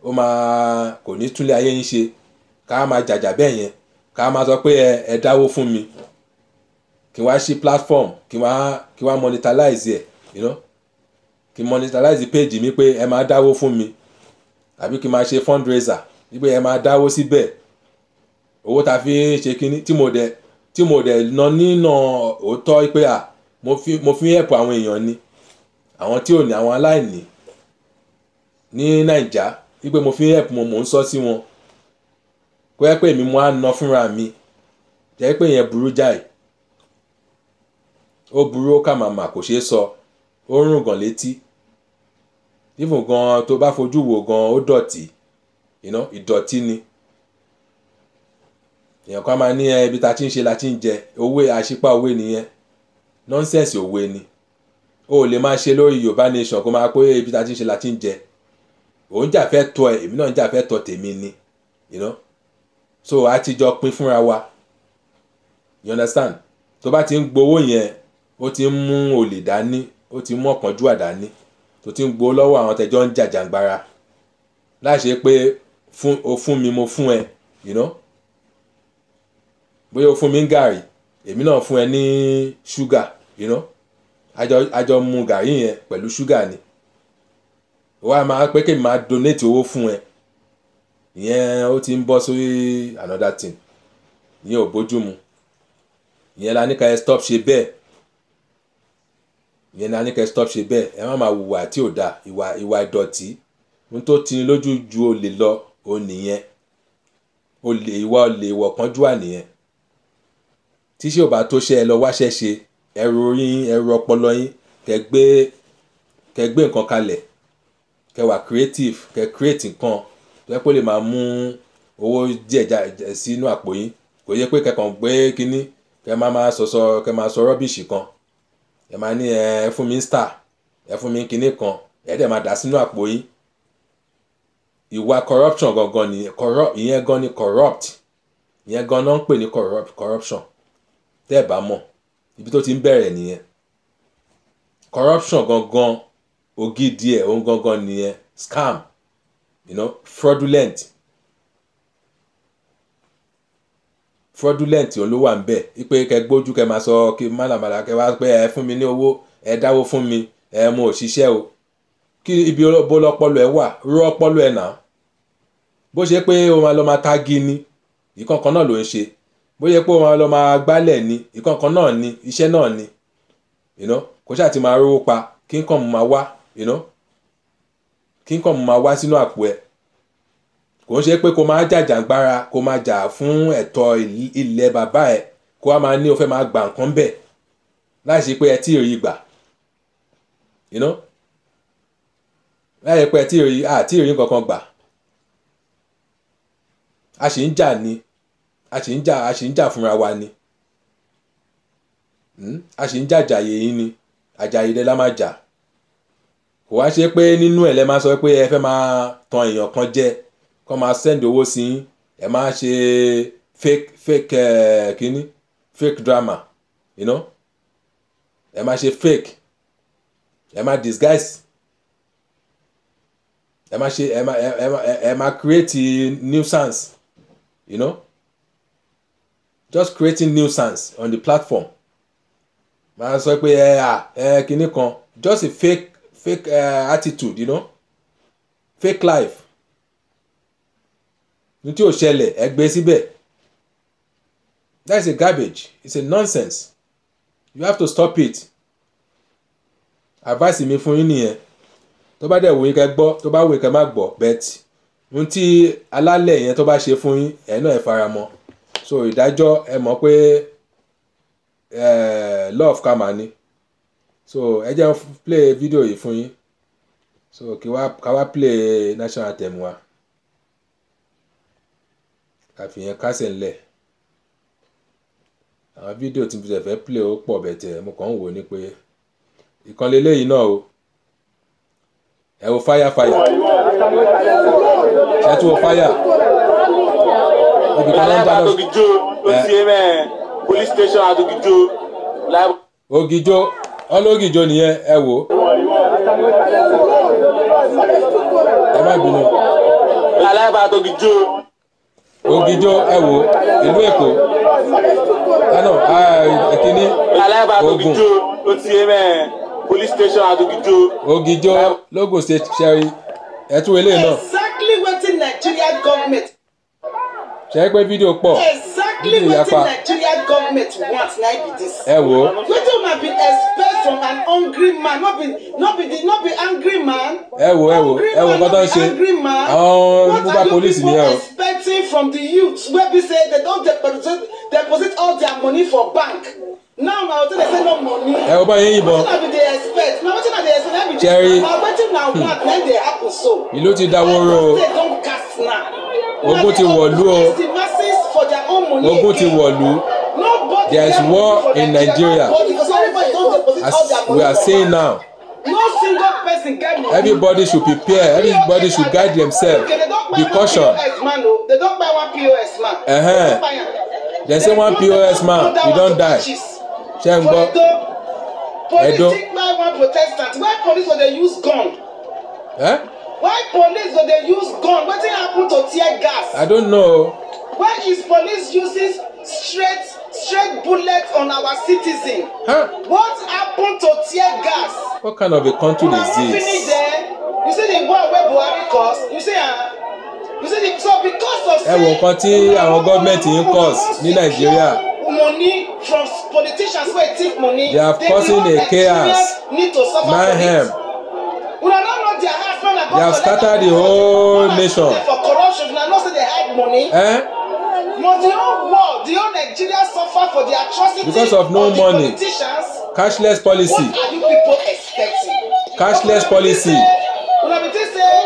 ó máa kò ní túnlé ayé yín ṣe ká máa jàjà bẹ́ẹ̀ yẹn ká máa sọ pé ẹ dáwó fún mi kí wá ṣí platform kí wá kí wá you know kí monetize page mi pé ẹ máa dáwó fún mi àbí kí n máa ṣe fundraiser wípé ẹ máa dáwó síbẹ̀ owó ta fi ń ṣe kínní tí mo dẹ̀ tí mo dẹ̀ ná nínà òótọ́ pé à mo fi mo àwọn èèyàn ni àwọn tí ò ní àwọn aláìní ní nàìjà wípé mo fi help mo mò ń sọ sí wọn kó yẹ pé èmi mo á ná fúnra mi jẹ́ pé yẹn burú jáì ó burú ó kà màmá kò ṣeé sọ. So ó ń rùn gan létí even gan tó bá fojú wo gan ó dọ̀tí ìdọ̀tí ni èèyàn kan máa ní ẹ ibi tá a ti ń ṣe la ti ń jẹ òwe àṣìpá òwe nìyẹn nọ́nsẹ̀nsì òwe ni o ò lè máa ṣe lórí Yorùbá nation kó máa pé ibi tá a ti ń ṣe la ti ń jẹ òun jà fẹ́ tọ ẹ èmi náà jà fẹ́ tọ tèmi ni you know? so a ti jọ pín fúnra wa you understand tó bá ti ń gbowó yẹn ó ti ń mú olè dání ó ti mú ọ̀pọ̀njú àdáni tó ti ń gbowó lọ́wọ́ àwọn tẹ́jọ́ ń jàjàngbara láṣẹ pé o fún mi mo fún ẹ you know bóyá o fún mi ń gàrí èmi náà fún ẹ ní ṣúgà àjọ mu gàrí yẹn pẹ̀lú ṣúgà ni máa pé máa donate owó fún ẹ ìyẹn ó ti ń bọ́ sórí another thing ìyẹn ò bójú mu ìyẹn la ní ká ẹ stop ṣe bẹ́ẹ̀ ìyẹn náà ní kẹ́ stop ṣe bẹ́ẹ̀ ẹ má máa hùwà tí ò da ìwà ìwà ìdọ̀tí ohun tó tini lójú ju olè lọ òun nìyẹn olè ìwà olè ìwọ̀ kánjú wà nìyẹn tíṣe ò bá tó ṣe ẹ lọ wáṣẹ́ ṣe ẹrù yín ẹrù ọpọlọ yín kẹ́ gbé kẹ́ gbé nǹkan kalẹ̀ kẹ́ wà creative kẹ́ create nǹkan tó yẹ kó lè máa mú owó díẹ̀ sínú àpò yín kò yẹ pé kẹ́ kàn gbé kínní kẹ́ máa máa sọ̀sọ̀ kẹ́ máa sọ rọ́bìṣì kan ẹ máa ní ẹ fún mi ń star ẹ fún mi ń kinní kan ẹ dẹ̀ máa dà sínú àpò yín ìwà corruption gangan ni corrupt ìyẹn gan ni corrupt ìyẹn gan náà ń pè ní corruption tẹ́ ẹ bá mọ̀ ibi tó ti ń bẹ̀rẹ̀ nìyẹn corruption gangan ògidì ẹ̀ òun gangan nìyẹn scam you know, fraudulent fraudulent ló wà ń bẹ̀ pé kẹ gbójú kẹ máa sọ kí málàmálà kẹ wá pé ẹ fún mi ní owó ẹ dáwó fún mi ẹ mo ò ṣiṣẹ́ o kí ibi bó lọ́pọlọ ẹ wà rú ọpọlọ ẹ nà bó ṣe pé o máa lọ máa tági ni ìkọ̀ọ̀kan náà ló ń ṣe bó ṣe pé o máa lọ máa gbálẹ̀ ni ìkọ̀ọ̀kan náà ni iṣẹ́ náà ni kò ṣáà ti máa rówó pa kí nǹkan máa máa wá sínú àpò ẹ̀ kò ń ṣe pé kó máa jàjàgbára kó máa jà fún ẹ̀tọ́ ilẹ̀ bàbá ẹ̀ kó wá máa ní o fẹ́ máa gbà nǹkan bẹ̀ láì ṣe pé ẹ tí ì rí gbà you know láì ṣe pé ẹ tí ì rí àti ìrí nǹkan kan gbà a sì ń jà ni a sì ń jà a sì ń jà fúnra wa ni hmm? a sì ń jà àjàyè yín ni àjàyè dẹ la máa jà kò wá ṣe pé nínú ẹ̀ lẹ́ máa sọ pé ẹ fẹ́ máa tan èèyàn kan jẹ kọ́ máa send owó sí yín ẹ máa ṣe fake fake uh, eh, kíní fake drama you know? ẹ máa ṣe fake ẹ máa disguise ẹ máa ṣe ẹ máa ẹ máa create nuisance you know? just creating nuisance on the platform máa sọ pé ẹ eh, à ẹ kíní kan just a fake fake uh, attitude you know? fake life ní tí ò ṣẹlẹ̀ ẹ gbé síbẹ̀ that is a garbage it's a nonsense you have to stop it advice mi fún yín nìyẹn tó bá dẹ̀ wòye kẹ́ gbọ́ tó bá wòye kẹ́ má gbọ́ bet ohun tí alálẹ̀ yẹn tó bá ṣe fún yín ẹ̀ náà ẹ̀ fara so ìdájọ́ ẹ mọ̀ pé love of ni so ẹ jẹ́ play video yìí fún yín so kí wá play national anthem wa àfihàn kásẹ̀ ńlẹ̀ àwọn fídíò tí mo ti fẹ́ play ó pọ̀ bẹ̀tẹ̀ mo kàn ń wò ó ní pé ìkànnì eléyìí náà o ẹ wo fáyàfáyà ẹ tún wo fáyà ibi kan náà ń dáná police station adogijo. ogijo ọlọ́gìjọ nìyẹn ẹ wò ó ẹ má bínú. alábàá adogijo. Ògìjó ẹ̀wò ìlú Èkó ẹnu ẹ̀kíní Ògùn police station at Ògìjó. Ògìjó lógùn state ṣẹ́rí ẹ̀tún eléyìí náà. Exactly wetin Nigeria government. Ṣé pé fídíò pọ̀? exactly wetin Nigerian government wants na be dis. ẹ wo. wetin una bin expect from an hungry man no be no be the no be angry man. ẹ wo ẹ wo ẹ wo nǹkan tó ń mobile police nìyẹn o. what are you people expecting from the youths wey be say they don deposit deposit all their money for bank now na wetin dey say no money. ẹ o yẹn yìnbọn. wetin i bin dey expect na wetin i dey expect every day na wetin na want na dey happen so. ìlú ti dáwọ́rọ́ o. i don cast na. ogun ti wọ̀lú o. ogun ti wọ̀lú. there is war in nigeria as we are saying now. no single person get money. everybody should prepare everybody should guide themselves be caution. Oh. they don buy one pos man. Uh -huh. they say one pos man you don die ṣe ń gbọ́ ẹ̀dọ́. police take why why police Do they use gun. Eh? why police go dey use gun wetin happen to tear gas. i don't know. why is police using straight straight bullet on our citizen. Huh? what happened to tear gas. what kind of a country is this. una wan there you see the one wey buhari cause you see am. Uh, ẹ wò kan tí àwọn gọ́ọ̀mẹ̀ntì ń cause ní nàìjíríà. They are causing a chaos, mayhem. Una They have scattered the whole nation. Eh? because of no money. Cashless policy. Cashless policy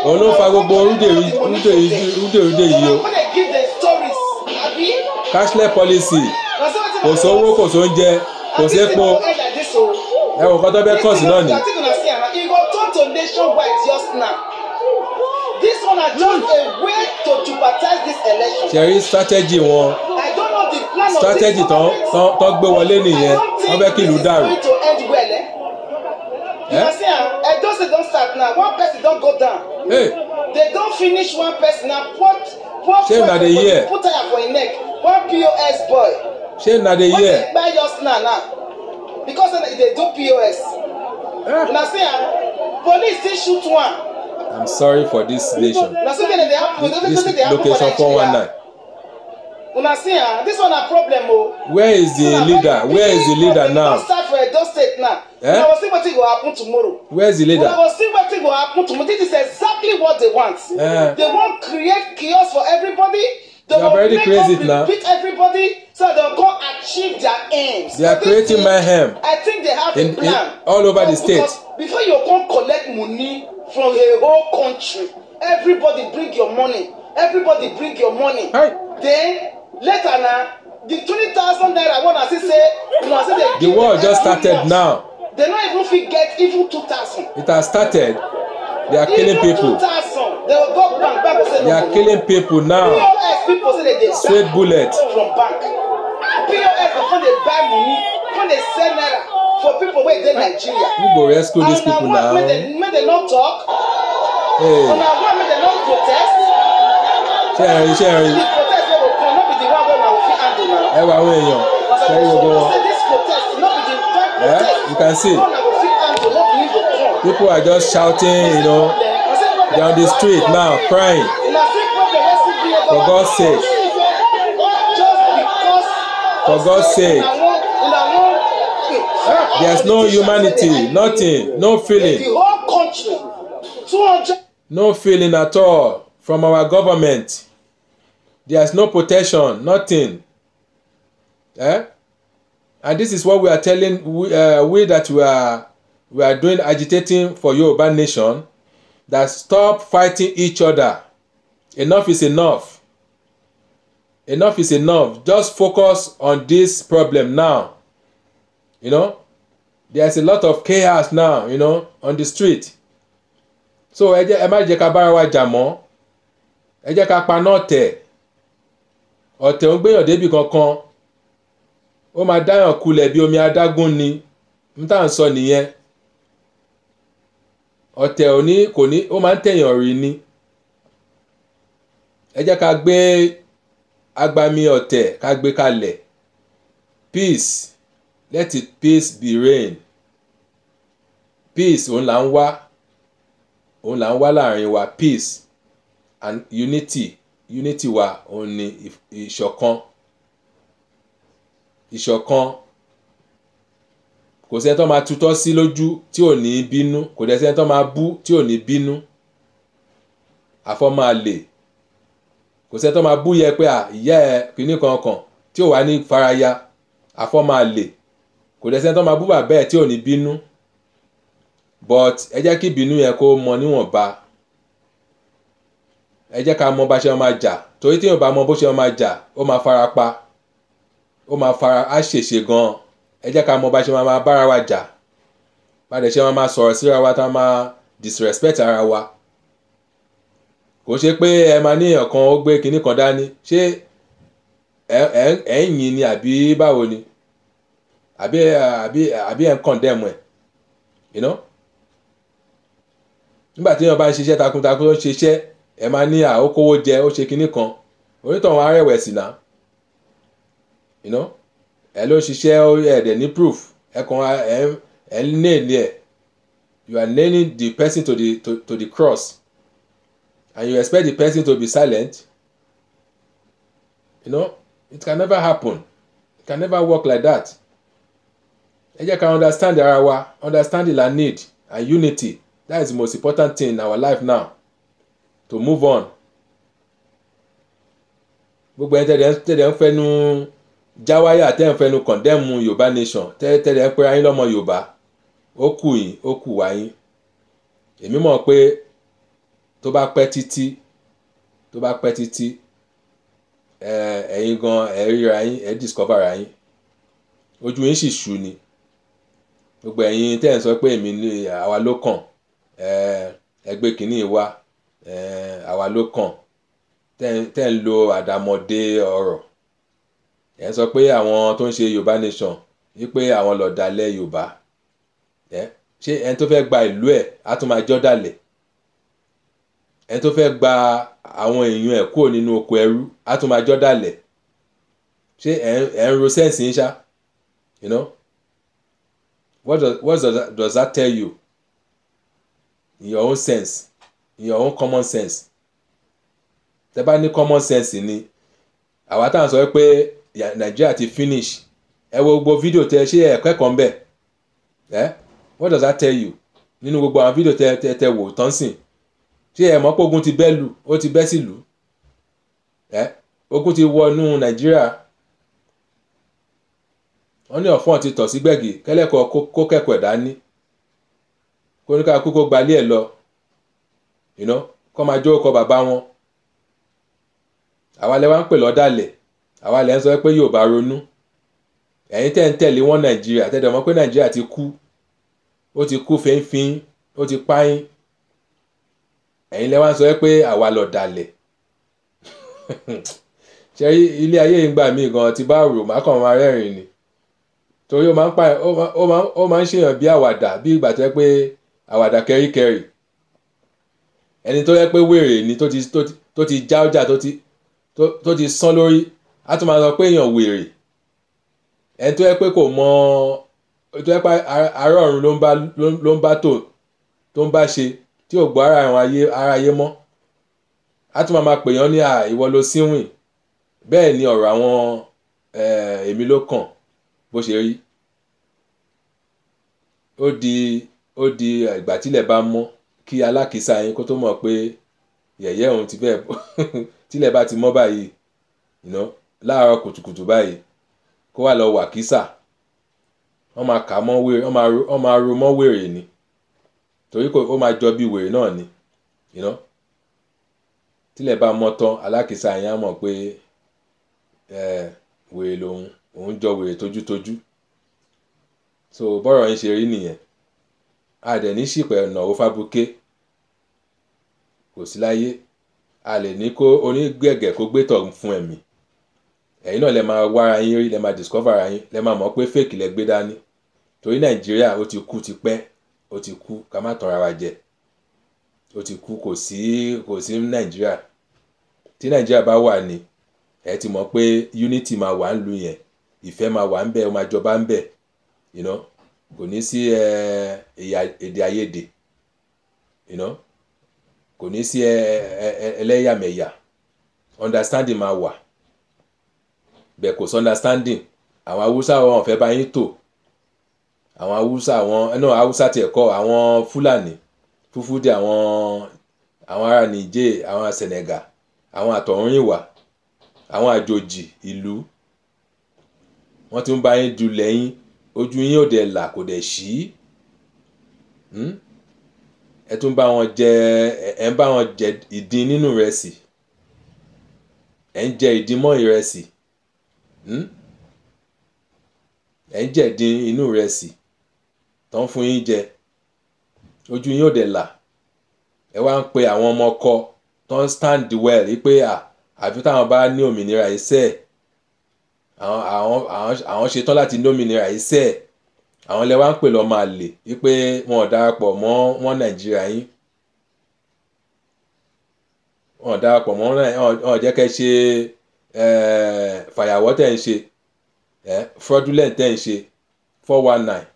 òun ló fa gbogbo rúdèrúdè yìí o cashless policy kò sówó kò sóúnjẹ kò sépo ẹwọ kọtọ bẹ kàn sí oh. náà ni. This a way to jeopardize this strategy wọn strategy tán tán gbé wọlé nìyẹn wọ́n fẹ́ kí ìlú dàrú. ẹ don't go down. Hey. They don't finish one person na put put Shey na the put tire for im neck one POS boy. Shey na the year. Wey dey buy just now now because they do POS. Una ah. see am ah, police still shoot one. I'm sorry for this nation. Na so many dey happen. This location 419 una see ah this one na problem o. Oh. where is the leader where is the leader now. we don start for edo state now. Eh? we go see wetin go happen tomorrow. where is the leader. we go see wetin go happen tomorrow this is exactly what they want. Eh. they wan create chaos for everybody. they, they are already crazy now. beat everybody so they go achieve their aims. they are creating mayhem. i think they have in, a plan. In, all over because, the state. before you come collect money from a whole country everybody bring your money everybody bring your money. Hi. then later na the twenty thousand naira wey una see say una see dey give the war just started now they no even fit get even two thousand. it has started they are killing people. even two thousand they go go bank bank go say no they are killing people now. pos people say they dey straight bullet from bank pos go come dey buy money come dey sell naira for people wey dey nigeria. who go rescue these people now. and na one make dem make dem no talk. Hey. una one make dem no protest. ṣe ẹ̀rín ẹ wà àwọn èèyàn sẹ́yìn gbogbo wọn. you can see people are just shouting you know, down the street now crying for God's sake for God's sake there's no humanity nothing no feeling no feeling at all from our government. There is no protection, nothing. Eh? And this is what we are telling we, uh, we that we are we are doing agitating for Yoruba nation that stop fighting each other. Enough is enough. Enough is enough. Just focus on this problem now. You know, there's a lot of chaos now, you know, on the street. So ẹ jẹ́ ẹ má jẹ́ ká bára wa jà mọ́. Ẹ jẹ́ ká paná ọ̀tẹ̀. Ọ̀tẹ̀ ń gbéyàn débi kankan. ó máa dáyàn kulẹ̀ bí omi adágún ni n tá à ń sọ nìyẹn ọ̀tẹ̀ òní kò ní ó máa ń tẹ̀yàn rí ni ẹ jẹ́ ká gbé agbami ọ̀tẹ̀ ká gbé kalẹ̀ peace let it peace be rain peace òun là ń wá òun là ń wá láàrin wa peace and unity unity wa òun ni ìṣọ̀kan. If, if, ìṣọ̀kan kò sẹ́ni tó máa tutọ́ sí lójú tí ò ní bínú kò dẹ̀ sẹ́ni tó máa bú tí ò ní bínú àfọ́mọ́ àlè kò sẹ́ni tó máa bú yẹ pé ìyá ẹ kìíní kankan tí ò wá ní faraya àfọ́mọ́ kò dẹ̀ sẹ́ni tó máa bú bàbá ẹ tí ò ní bínú but ẹ jẹ́ kí ìbínú yẹn kó mọ níwọ̀nba ẹ jẹ́ ká mọ bá ṣe máa jà torí tí yóò bá mọ bó ṣe máa jà ó máa fara pa. ó máa fara á ṣèṣe gan ẹ jẹ́ ká mọ bá ṣe máa máa bára wa jà bá dẹ̀ ṣe máa máa sọ̀rọ̀ síra wa tá a máa disrespect ara wa kò ṣe pé ẹ máa ní èèyàn kan ó gbé kinní kan dání ṣé ẹ ń ni àbí báwo ni àbí àbí àbí ẹ ń condemn ẹ̀ you nígbà tí èèyàn bá ń ṣiṣẹ́ takuntakun ó ń ṣiṣẹ́ ẹ máa ní àókówó jẹ ó ṣe kinní kan onítọ̀hún arẹ̀wẹ̀sì náà you know ẹ ló ṣiṣẹ́ ẹ̀dẹ̀ ní proof ẹ kàn ẹ ẹ nail you are naming the person to the to, to the cross and you expect the person to be silent you know it can never happen it can never work like that ẹ jẹ́ ká understand ara wa understand la need and unity that is the most important thing in our life now to move on gbogbo ẹ tẹ̀lé ń fẹ́ nu. No jáwáyà tẹ́ ń fẹnu kọ̀ndẹ́mù yorùbá nation tẹ́lẹ̀tẹ́lẹ̀ ẹ pé ayín lọ́mọ yorùbá ó kù yín ó kù wáyín èmi mọ̀ pé tó bá pẹ́ títí tó bá pẹ́ títí ẹ̀yin gan ẹ̀ ríra yín ẹ̀ discover ra yín ojú yín sì ṣù ni gbogbo ẹ̀yin tẹ́ ń sọ pé èmi ni àwa ló kàn ẹgbẹ́ kìíní wa àwa ló kàn tẹ́ ń lo àdàmọ̀dé ọ̀rọ̀ ẹ̀ sọ pé àwọn tó ń ṣe yorùbá nation wípé àwọn lọ̀dàlẹ̀ yorùbá ẹ̀ ṣé ẹni tó fẹ́ gba ìlú ẹ̀ á tún máa jọ́ dàlẹ̀ ẹni tó fẹ́ gba àwọn èèyàn ẹ̀ kúrò nínú oko ẹrú á tún máa jọ́ dàlẹ̀ ṣé ẹ̀ ń ro sẹ́ǹsì ń ṣá you know what does, what does, that, does that tell you in your own sense in your own common sense tẹ́ bá ní common sense ni àwa táwọn sọ pé Nigeria ti finish ẹ wo gbogbo fídíò tẹ ṣé ẹ̀kọ́ ẹ̀kọ́ ń ẹ what does that tell you nínú gbogbo àwọn fídíò tẹ tẹ tẹ wò tán sìn ṣé ẹ mọ̀ pé ogun ti bẹ́ lù ó ti bẹ́ sí lù ẹ ogun ti wọnú nàìjíríà wọ́n ní ọ̀fọ́n ti tọ̀ sí gbẹ̀gì kẹ́lẹ́kọ̀ọ́ kó kẹ́kọ̀ọ́ ẹ̀dá ní kó ní ká kókó gbalẹ̀ ẹ̀ lọ kó máa jó ọkọ̀ bàbá wọn àwa lẹ́wà ń pè lọ́dàlẹ̀ àwa lẹ́ ń sọ pé Yorùbá ronú ẹ̀yin tẹ́ ń tẹ̀lé wọn Nàìjíríà tẹ́ dẹ̀ mọ̀ pé Nàìjíríà ti kú ó ti kú fínfín ó ti páyín ẹ̀yin lẹ́ wá ń sọ pé àwa ló dalẹ̀ ṣe ilé ayé yìí ń gan ti bá rò má kàn máa rẹ́rìn ni torí ó máa ń pa ó máa ń ṣèyàn bí àwàdà bí ìgbà tó yẹ pé àwàdà kẹríkẹrí ẹni tó yẹ pé wèrè ni tó ti já ọjà tó ti sán lórí a tún máa sọ pé èèyàn wèrè ẹni tó yẹ pé kò mọ tó yẹ pé ará ọ̀run ló ń bá ló ń bá tò tó ń bá ṣe tí ò gbọ́ ara àwọn ayé ara ayé mọ́ a tún máa pè yàn ní à ìwọ ló síwìn bẹ́ẹ̀ ni ọ̀rọ̀ àwọn èmi ló kàn bó ṣe rí ó di ó di ìgbà tílẹ̀ bá mọ́ kí alákìísà yín kó tó mọ̀ pé yẹ̀yẹ́ òun ti bẹ́ẹ̀ tílẹ̀ bá ti mọ́ báyìí you know láàárọ̀ kùtùkùtù báyìí kó wà lọ wà kísà wọ́n máa kà mọ́ wèrè wọ́n máa ro mọ́ wèrè ni torí kò ó máa jọ bí wèrè náà ni you tílẹ̀ bá mọ́ tán alákìsà yẹn á mọ̀ pé wèrè lòun òun wèrè tójútójú so bọ́rọ̀ yín ṣe rí a dẹ̀ ní fábùké kò a lè ní kó onígbẹ̀gẹ̀ kó gbé tọ̀ fún ẹ̀yin náà lè máa wá ara yín rí lè máa discover ara yín lẹ máa mọ̀ pé fake lẹ gbé dání torí nàìjíríà ó ti kú pẹ́ ó ti kú ká má wa jẹ ó ti kú kò sí kò sí nàìjíríà tí nàìjíríà bá wà ní ẹ ti mọ̀ pé unity ma wà ń lu yẹn ìfẹ́ máa wà ń bẹ̀ ó máa jọba ń bẹ̀ understanding máa wà. bẹ́ẹ̀ kò sí understanding àwọn haúsá wọn fẹ́ bá yín tò àwọn haúsá àwọn ẹnu eh, haúsá tiẹ̀ kọ́ àwọn fúlàní fúfúdí àwọn àwọn ará Niger àwọn Senegal àwọn àtọ̀húnrìnwá àwọn àjòjì ìlú wọ́n ti ń bá yín du lẹ́yìn ojú yín ò dẹ̀ là kò dẹ̀ ṣí hmm? ẹ tún bá wọn jẹ ẹ ń bá wọn jẹ ìdin nínú ìrẹsì ẹ ń jẹ ìdin mọ́ ìrẹsì Hmm? ẹ̀ ń jẹ̀dín inú ìrẹsì tó ń fún yín jẹ ojú yín ò dẹ̀ là ẹ wá ń pe àwọn ọmọ ọkọ tó ń stand well wípé àfi táwọn bá ní òmìnira iṣẹ́ ẹ̀ àwọn ṣetán láti ní òmìnira iṣẹ́ ẹ̀ àwọn lẹ wá ń pè lọ́ máa lè wípé wọn ò darapọ̀ mọ́ wọn nàìjíríà yín wọn ò darapọ̀ mọ́ wọn ò jẹ́ kẹ́ ṣe Eh, fàyàwọ́ tẹ̀ ń ṣe eh, fraudulent tẹ̀ ń ṣe four one nine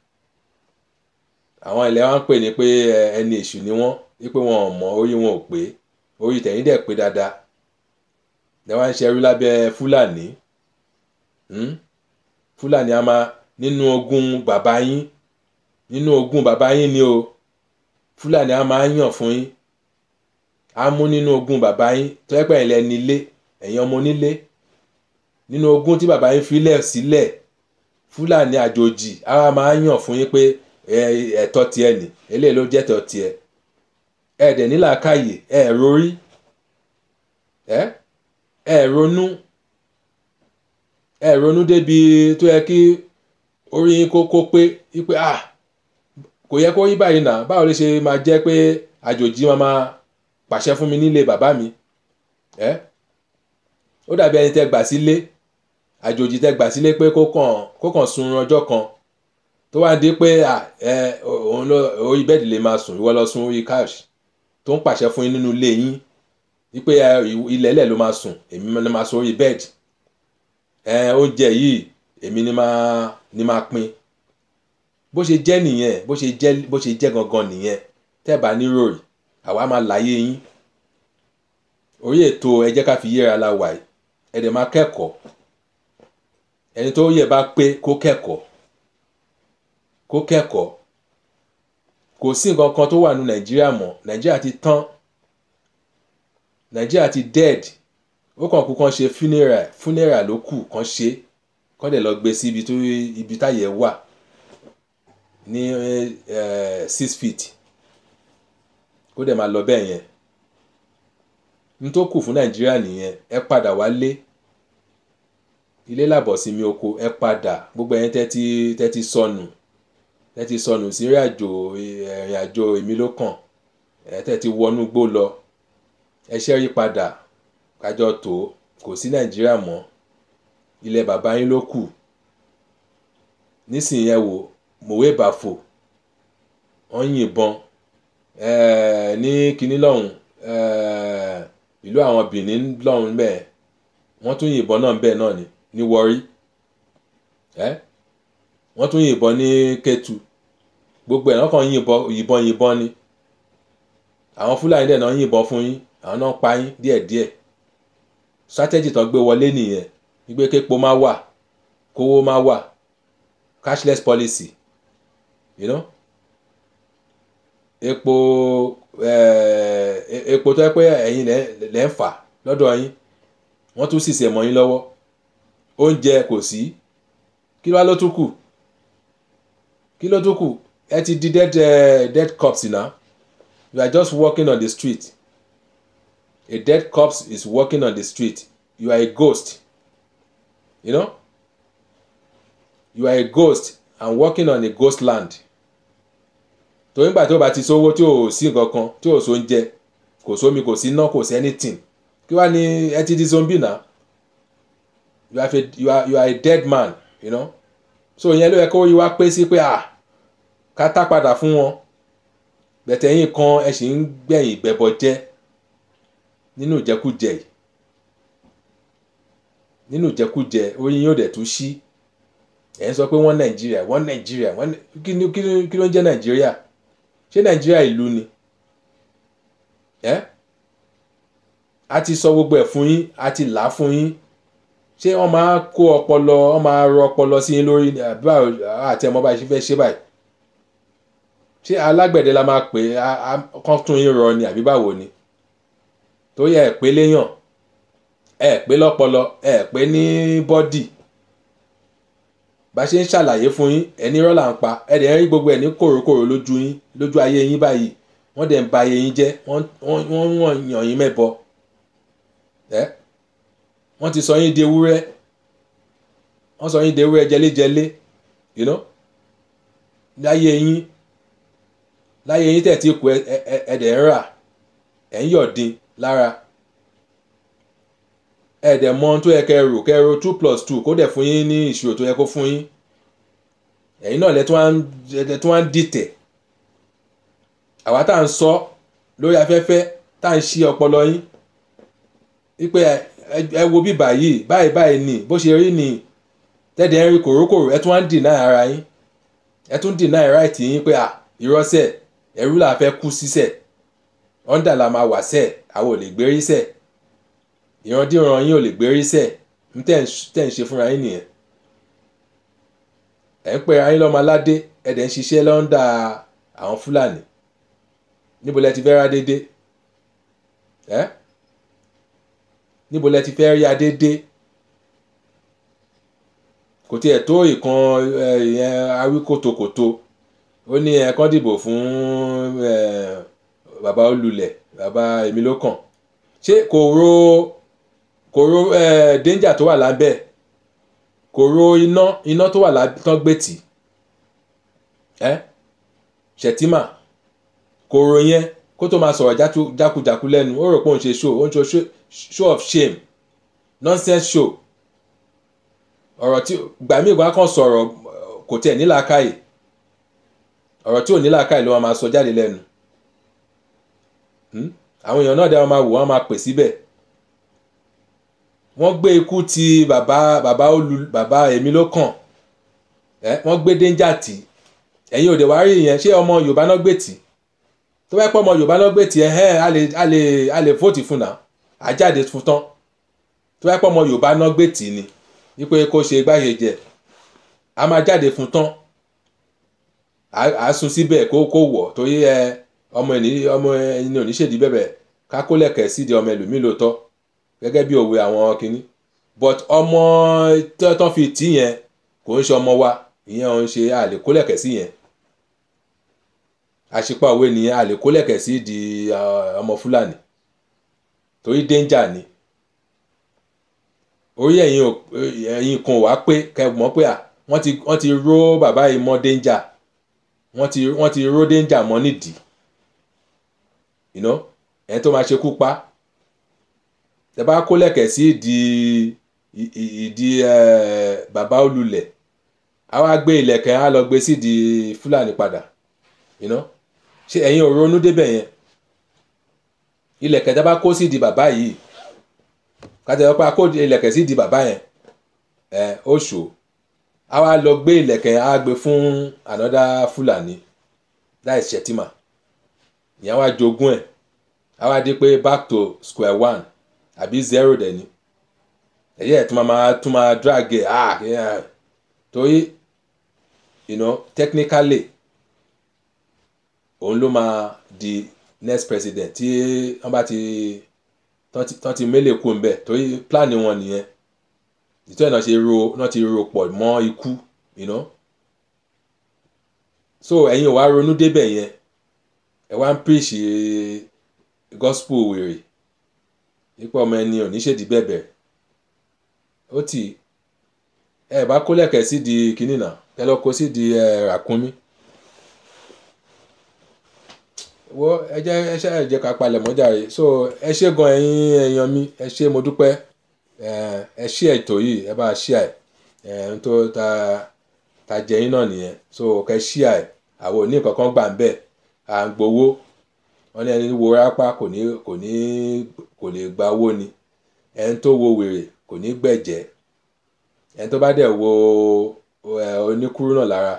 àwọn ilẹ̀ wa ń pè ní pé eh, ẹni èṣù ni wọ́n wípé wọn ò mọ orí wọn ò pé orí tẹ̀yìn dẹ̀ pé dáadáa lẹ́wọ́n ń ṣerú lábẹ́ fúlàní hmm? fúlàní a máa nínú ogún bàbá yín nínú ogún bàbá yín ni o fúlàní a máa yàn fún yín a mú nínú ogún bàbá yín tó ẹgbẹ́ ilẹ̀ nílé ẹ̀yin ọmọ onílé nínú ogún tí bàbá yín filẹ̀ sílẹ̀ fúlàní àjòjì àwa máa ń yàn fún yín pé ẹ̀tọ́ tiẹ̀ ni eléyìí ló jẹ́ ẹ̀tọ́ tiẹ̀ ẹ̀ dẹ̀ nílà káyè ẹ̀ rorí ẹ̀ ẹ̀ ronú ẹ̀ ronú débi tó yẹ kí orí yín kó kó pé pé ah kò yẹ kó rí báyìí náà báwo ló ṣe máa jẹ́ pé àjòjì máa máa pàṣẹ fún mi nílé bàbá mi ẹ̀ ó dàbí ẹni tẹ́ gbà sílé. Si àjòjì tẹ gbà sílé pé kó kàn kó kàn sun ọjọ́ kan tó wá dé pé ẹ òun ló orí bẹ́ẹ̀dì lè máa sùn ìwọ lọ sun orí couch tó ń pàṣẹ fún yín nínú ilé yín wípé ilẹ̀ ẹlẹ̀ ló máa sùn èmi ló máa sun orí bẹ́ẹ̀dì ẹ oúnjẹ yìí èmi ni máa ni máa pín bó ṣe jẹ́ nìyẹn bó ṣe jẹ́ bó ṣe jẹ́ gangan nìyẹn tẹ́ bá níròyìn àwa máa láyé yín orí ètò ẹ jẹ́ ká fi yéra la wà ẹ̀ ẹ̀ dẹ̀ máa kẹ́kọ̀ọ́ ẹni tó yẹ bá pé kó kẹ́kọ̀ọ́ kó kẹ́kọ̀ọ́ kò sí nǹkan kan tó wà nù nàìjíríà mọ́ nàìjíríà ti tán nàìjíríà ti dead ó kàn kú kàn ṣe funeral funeral ló kù kàn ṣe kàn dẹ̀ lọ gbé sí ibi tó ibi táyẹ̀ wà ní six feet kó dẹ̀ máa lọ bẹ́ẹ̀ yẹn n tó kù fún nàìjíríà nìyẹn ẹ padà wálé ilé làbọ̀sìnmi oko ẹ padà gbogbo ẹ̀yin tẹ́tí tẹ́tí sọnù tẹ́tí sọnù sí ìrìn àjò ìrìn àjò èmi ló kàn ẹ̀ tẹ́tí wọnú gbó lọ ẹ ṣẹ́rí padà kájọ tó kò sí nàìjíríà mọ́ ilẹ̀ bàbá yín ló kù nísìnyí ẹ wò mòwe bàfò wọ́n yìnbọn ẹ̀ẹ́ ní kinní lọ́hùn ẹ̀ẹ́ ìlú àwọn Benin lọ́hùn bẹ́ẹ̀ wọ́n tún yìnbọn náà bẹ́ẹ̀ náà ni ní Warri ẹ́ wọ́n tún yìnbọn ní Ketu gbogbo ẹ̀ wọ́n kàn yìnbọn yìnbọn yìnbọn ni àwọn Fúlàní dẹ̀ náà yìnbọn fún yín àwọn náà pa yín díẹ̀díẹ̀ strategy tó gbé wọlé nìyẹn wípé képo má wà kówó má wà cashless policy you know? epo eh, epo tó yẹ pé ẹ̀yin lẹ́ ń fà lọ́dọ̀ yín wọ́n tún sì ṣe mọ́ yín lọ́wọ́ oúnjẹ kò sí kí wá ló tún kù kí ló tún kù ẹ ti di dead uh, dead corpse na you are just walking on the street a dead corpse is walking on the street you are a ghost you know you are a ghost and walking on a ghost land torí nígbà tí o bá ti sówó tí o sí nǹkan kan tí o sóúnjẹ kò sómi kò sí iná kò sí anything kí wàá ní ẹ ti di zombie náà you are a you are you are a dead man you know so ìyẹn ló yẹ kó yíwá pé sí pé à ká tá padà fún wọn bẹ̀tẹ̀ yín kan ẹ sì ń gbẹ̀yìn ìgbẹ́bọ jẹ́ nínú ìjẹkújẹ yìí nínú ìjẹkújẹ oyin yóò dẹ̀ tún sí ẹ̀ ń sọ pé wọ́n nàìjíríà wọ́n nàìjíríà wọ́n kí ni kí ló ń jẹ́ nàìjíríà ṣé nàìjíríà ìlú ni ẹ́ a ti sọ gbogbo ẹ̀ fún yín a ti là á fún yín ṣé wọ́n máa kó ọpọlọ wọ́n máa rọ ọpọlọ sí yín lórí àti ẹ̀mọ́ báyìí ṣe fẹ́ ṣe báyìí ṣé alágbẹ̀dẹ la máa pè é kán tún yín rọ ni àbí báwo ni tó yẹ ẹ̀ pé léyàn ẹ̀ pé lọ́pọlọ ẹ̀ pé ní bọ́dì bá ṣe ń ṣàlàyé fún yín ẹni rọ́là ń pa ẹ̀ dẹ̀ ń rí gbogbo ẹ̀ ní kòrókòró lójú yín lójú ayé yín báyìí wọ́n dẹ̀ ń ba ayé yín jẹ́ wọ́n wọ́n yàn yín mẹ́bọ ẹ́ wọ́n ti sọ yín di ewúrẹ́ wọ́n sọ yín di ewúrẹ́ jẹlẹ́jẹlẹ́ you know láyé yín láyé yín tẹ̀ tí kú ẹ̀dẹ̀ ń rà ẹ̀ ń yọ̀dín lára ẹ̀dẹ̀ mọ ohun tó yẹ kẹ́ rò two plus two kó dẹ̀ fún yín ní ìṣirò tó yẹ kó fún yín ẹ̀yin náà lẹ́tọ́ wá ń dìtẹ̀ àwa tá à ń sọ lórí afẹ́fẹ́ tá à ń ṣí ọpọlọ yín wípé ẹ wo bí báyìí báyìí báyìí ni bó ṣe rí ni tẹ́ẹ̀dẹ̀ ń rí kòrókòrò ẹ tún wá ń dìnnà ara yín ẹ tún dìnnà right yín pé à ìrọ́sẹ̀ ẹrú là fẹ́ kú sísẹ̀ ọ̀ndà la máa wà sẹ̀ àwọn ò lè gbérí sẹ̀ ìrandíran yín ò lè gbérí sẹ̀ ń tẹ̀ ń ṣe fúnra yín nìyẹn ẹ̀ ń pè ara yín lọ́mọ aládé ẹ̀ dẹ̀ ń ṣiṣẹ́ lọ́ndà àwọn fúlàní níbo lẹ ti fẹ́ ra déédéé ẹ́ eh? níbo lẹ ti fẹ́ rí adé dé kò tiẹ̀ tó ìkan ìyẹn awíkòtòkòtò ó ní ẹ̀kan dìbò fún bàbá olùlẹ̀ bàbá èmi ló kàn ṣé kò ro kò ro danger tó wà lábẹ́ kò ro iná iná tó wà lábẹ́ tán gbé tì ẹ́ ṣètìmá kò ro yẹn kó tó máa sọ̀rọ̀ jákujàku lẹ́nu ó rò pé òun ṣe show òun ṣe show of shame nonsense show ọ̀rọ̀ tí gbàmí ìgbà kan sọ̀rọ̀ kò tẹ̀ nílàákàyè ọ̀rọ̀ tí ò nílàákàyè ló máa sọ jáde lẹ́nu hmm? àwọn èèyàn náà dá wọn máa wò wọn máa pè síbẹ̀ wọ́n gbé ikú ti bàbá bàbá olú bàbá èmi ló kàn ẹ́ wọ́n gbé dénjà tì ẹ̀yin òde wàá rí ìyẹn ṣé ọmọ Yorùbá náà gbé tì í tó bá pọ̀ ọmọ yorùbá náà gbé tiẹ̀ ẹ́ a lè a lè a lè fóòtì fún náà àjáde fún tán tó bá pọ̀ ọmọ yorùbá náà gbé tì ní wípé kó ṣe gbáyejẹ a máa jáde fún tán a sun síbẹ̀ kó kó wọ̀ tó yé ẹ ọmọ ẹni ọmọ ẹni oníṣèdí bẹ̀bẹ̀ kákólẹ̀kẹ̀ sídìí ọmọ ẹlòmíì lóòótọ́ gẹ́gẹ́ bí òwe àwọn kìíní but ọmọ tán fi tì yẹn kò ń ṣe ọmọ wa ìyẹn ò ń ṣe àlékólẹ̀kẹ̀ sí yẹn àṣepàwé ni a lè sí di ọmọ fúlàní torí danger ni orí ẹ̀yin ẹ̀yin kan wá pé kẹ́gbọ́n pé à wọ́n ti wọ́n ti ró bàbá yìí mọ́ danger wọ́n ti wọ́n ró danger mọ́ nídìí you know ẹni tó máa ṣekú pa tẹ bá kó lẹ̀kẹ̀ sí ìdí ìdí bàbá olùlẹ̀ á wá gbé ìlẹ̀kẹ̀ á lọ gbé sídìí fúlàní padà you know ṣe ẹ̀yin ò ronú débẹ̀ yẹn ilẹ̀kẹ̀ tá a bá kó sí di bàbá yìí kátẹ́wọ́ pé a kó ilẹ̀kẹ̀ sí di bàbá yẹn ẹ ó ṣò á wá lọ gbé ilẹ̀kẹ̀ á gbé fún ànádá fúlàní láì ṣètìmà ìyẹn wá jogún ẹ̀ á wá di pé back to square one àbí zero dẹ̀ ni ẹ̀yẹ́ ẹ̀ tún máa tún máa drag ẹ̀ ah, ah. torí you know technically òun ló máa di next president tí wọ́n bá ti tán ti mélè kú ńbẹ̀ torí plan wọn nìyẹn ìtọ́ ẹ̀ náà ṣe ro náà ti ro pọ̀ mọ́ ikú you know? so ẹ̀yin ò wá ronú débẹ̀ yẹn ẹ wá ń preach gospel wèrè nípa ọmọ ẹni òní ṣèdí bẹ̀bẹ̀ ó tì ẹ bá kó lẹ̀kẹ̀ sí di kínní náà ẹ lọ kó sí di ẹ ràkúnmí wo ẹ jẹ́ ẹ ká so ẹ gan ẹ̀yin èèyàn mi ẹ mo dúpẹ́ ẹ ṣe ètò yìí ẹ bá ṣe ẹ tó ta ta jẹyìn náà nìyẹn so kẹ ṣe ẹ àwọn òní kankan gbà ń bẹ à ń gbowó wọn ní ẹni wo rápá kò ní kò ní kò lè gba owó ni ẹni tó wo wèrè kò ní gbẹ̀jẹ́ ẹni tó bá wo oníkúrú náà lára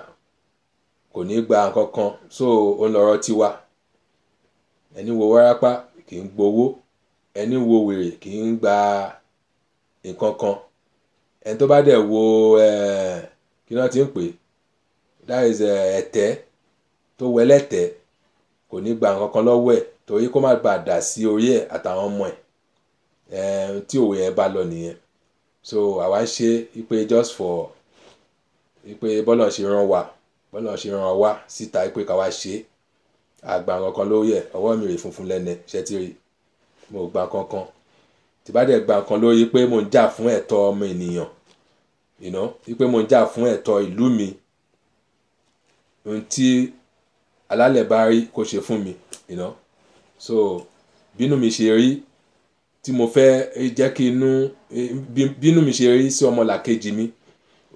kò ní gba nǹkan kan so òun lọ̀rọ̀ tiwa. ẹni wo wárápá kì í gbowó ẹni wo wèrè kì í gba nǹkan kan ẹni tó bá dẹ̀ wo eh, kí náà ti ń pè that is eh, ẹ̀tẹ́ tó wẹlẹ́tẹ̀ kò ní gba nǹkan kan lọ́wọ́ ẹ̀ torí kó má bàa dà sí orí ẹ̀ àtàwọn ọmọ ẹ̀ eh, tí òwe yẹn bá lọ nìyẹn so àwa ń ṣe ipe just for ipe bọ́lọ̀ ṣe ràn wá bọ́lọ̀ ṣe ràn wá síta ipe káwa ṣe é àgbà àwọn kan ló yẹ ọwọ́ mi rè funfun lẹ́nẹ̀ ṣe ti rí mo gba kankan tí bá dẹ̀ gba kan lórí pé mo ń jà fún ẹ̀tọ́ ọmọ ènìyàn ìná wípé mo ń jà fún ẹ̀tọ́ ìlú mi ohun tí alálẹ̀ bá rí kó ṣe fún mi ìná so bínú mi ṣe rí tí mo fẹ́ jẹ́ kí inú bínú mi ṣe rí sí ọmọlàkejì mi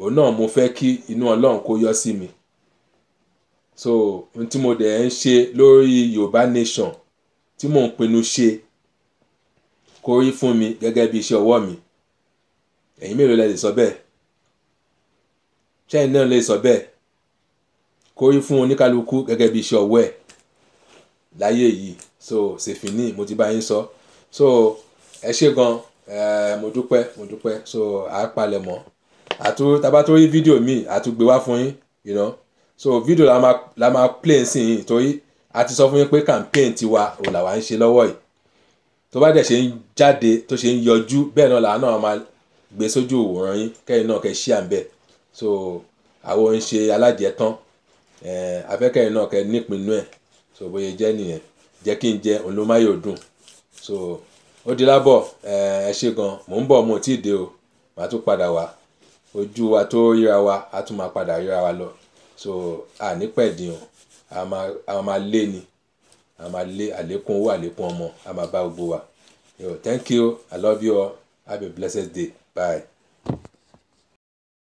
òun náà mo fẹ́ kí inú ọlọ́run kó yọ sí mi so ohun tí mo dẹ̀ ń ṣe lórí yorùbá nation tí mò ń pinnu ṣe kó rí fún mi gẹ́gẹ́ bí iṣẹ́ ọwọ́ mi ẹ̀yin mélòó lẹ lè sọ bẹ́ẹ̀ ṣẹ́yìn náà lè sọ bẹ́ẹ̀ kó rí fún oníkálukú gẹ́gẹ́ bí iṣẹ́ ọwọ́ ẹ̀ láyé yìí so ṣèfìní mo ti bá yín sọ so ẹ ṣe gan mo dúpẹ́ mo dúpẹ́ so àá palẹ̀ mọ́ àtú tabatórí fídíò míì àtúgbé wá fún yín you know so fídíò la máa la máa play ń sìn yìí torí a ti sọ fún yín pé campaign tiwa òun làwa ń ṣe lọ́wọ́ yìí tó bá dẹ̀ ṣe ń jáde tó ṣe ń yọjú bẹ́ẹ̀ náà làwọn náà máa gbé sójú òwòrán yín kẹ́yìn náà kẹ́ ṣí à ń bẹ̀ so àwọn ń ṣe alájẹtán eh, afẹ́kẹ́yìn náà kẹ́ nípinnu ẹ̀ so bóyá jẹ́ nìyẹn jẹ́ kí n jẹ òun so ó di lábọ̀ eh, ẹ ṣe gan mò ń bọ̀ mo ò dé o màá tún padà wá ojú wa tó ríra wa á tún máa padà ríra wa lọ so ànípẹ̀dín o a máa lé ni a máa lé àlékún owó àlékún ọmọ a máa bá gbogbo wa yo thank you i love you all have a blessed day bye.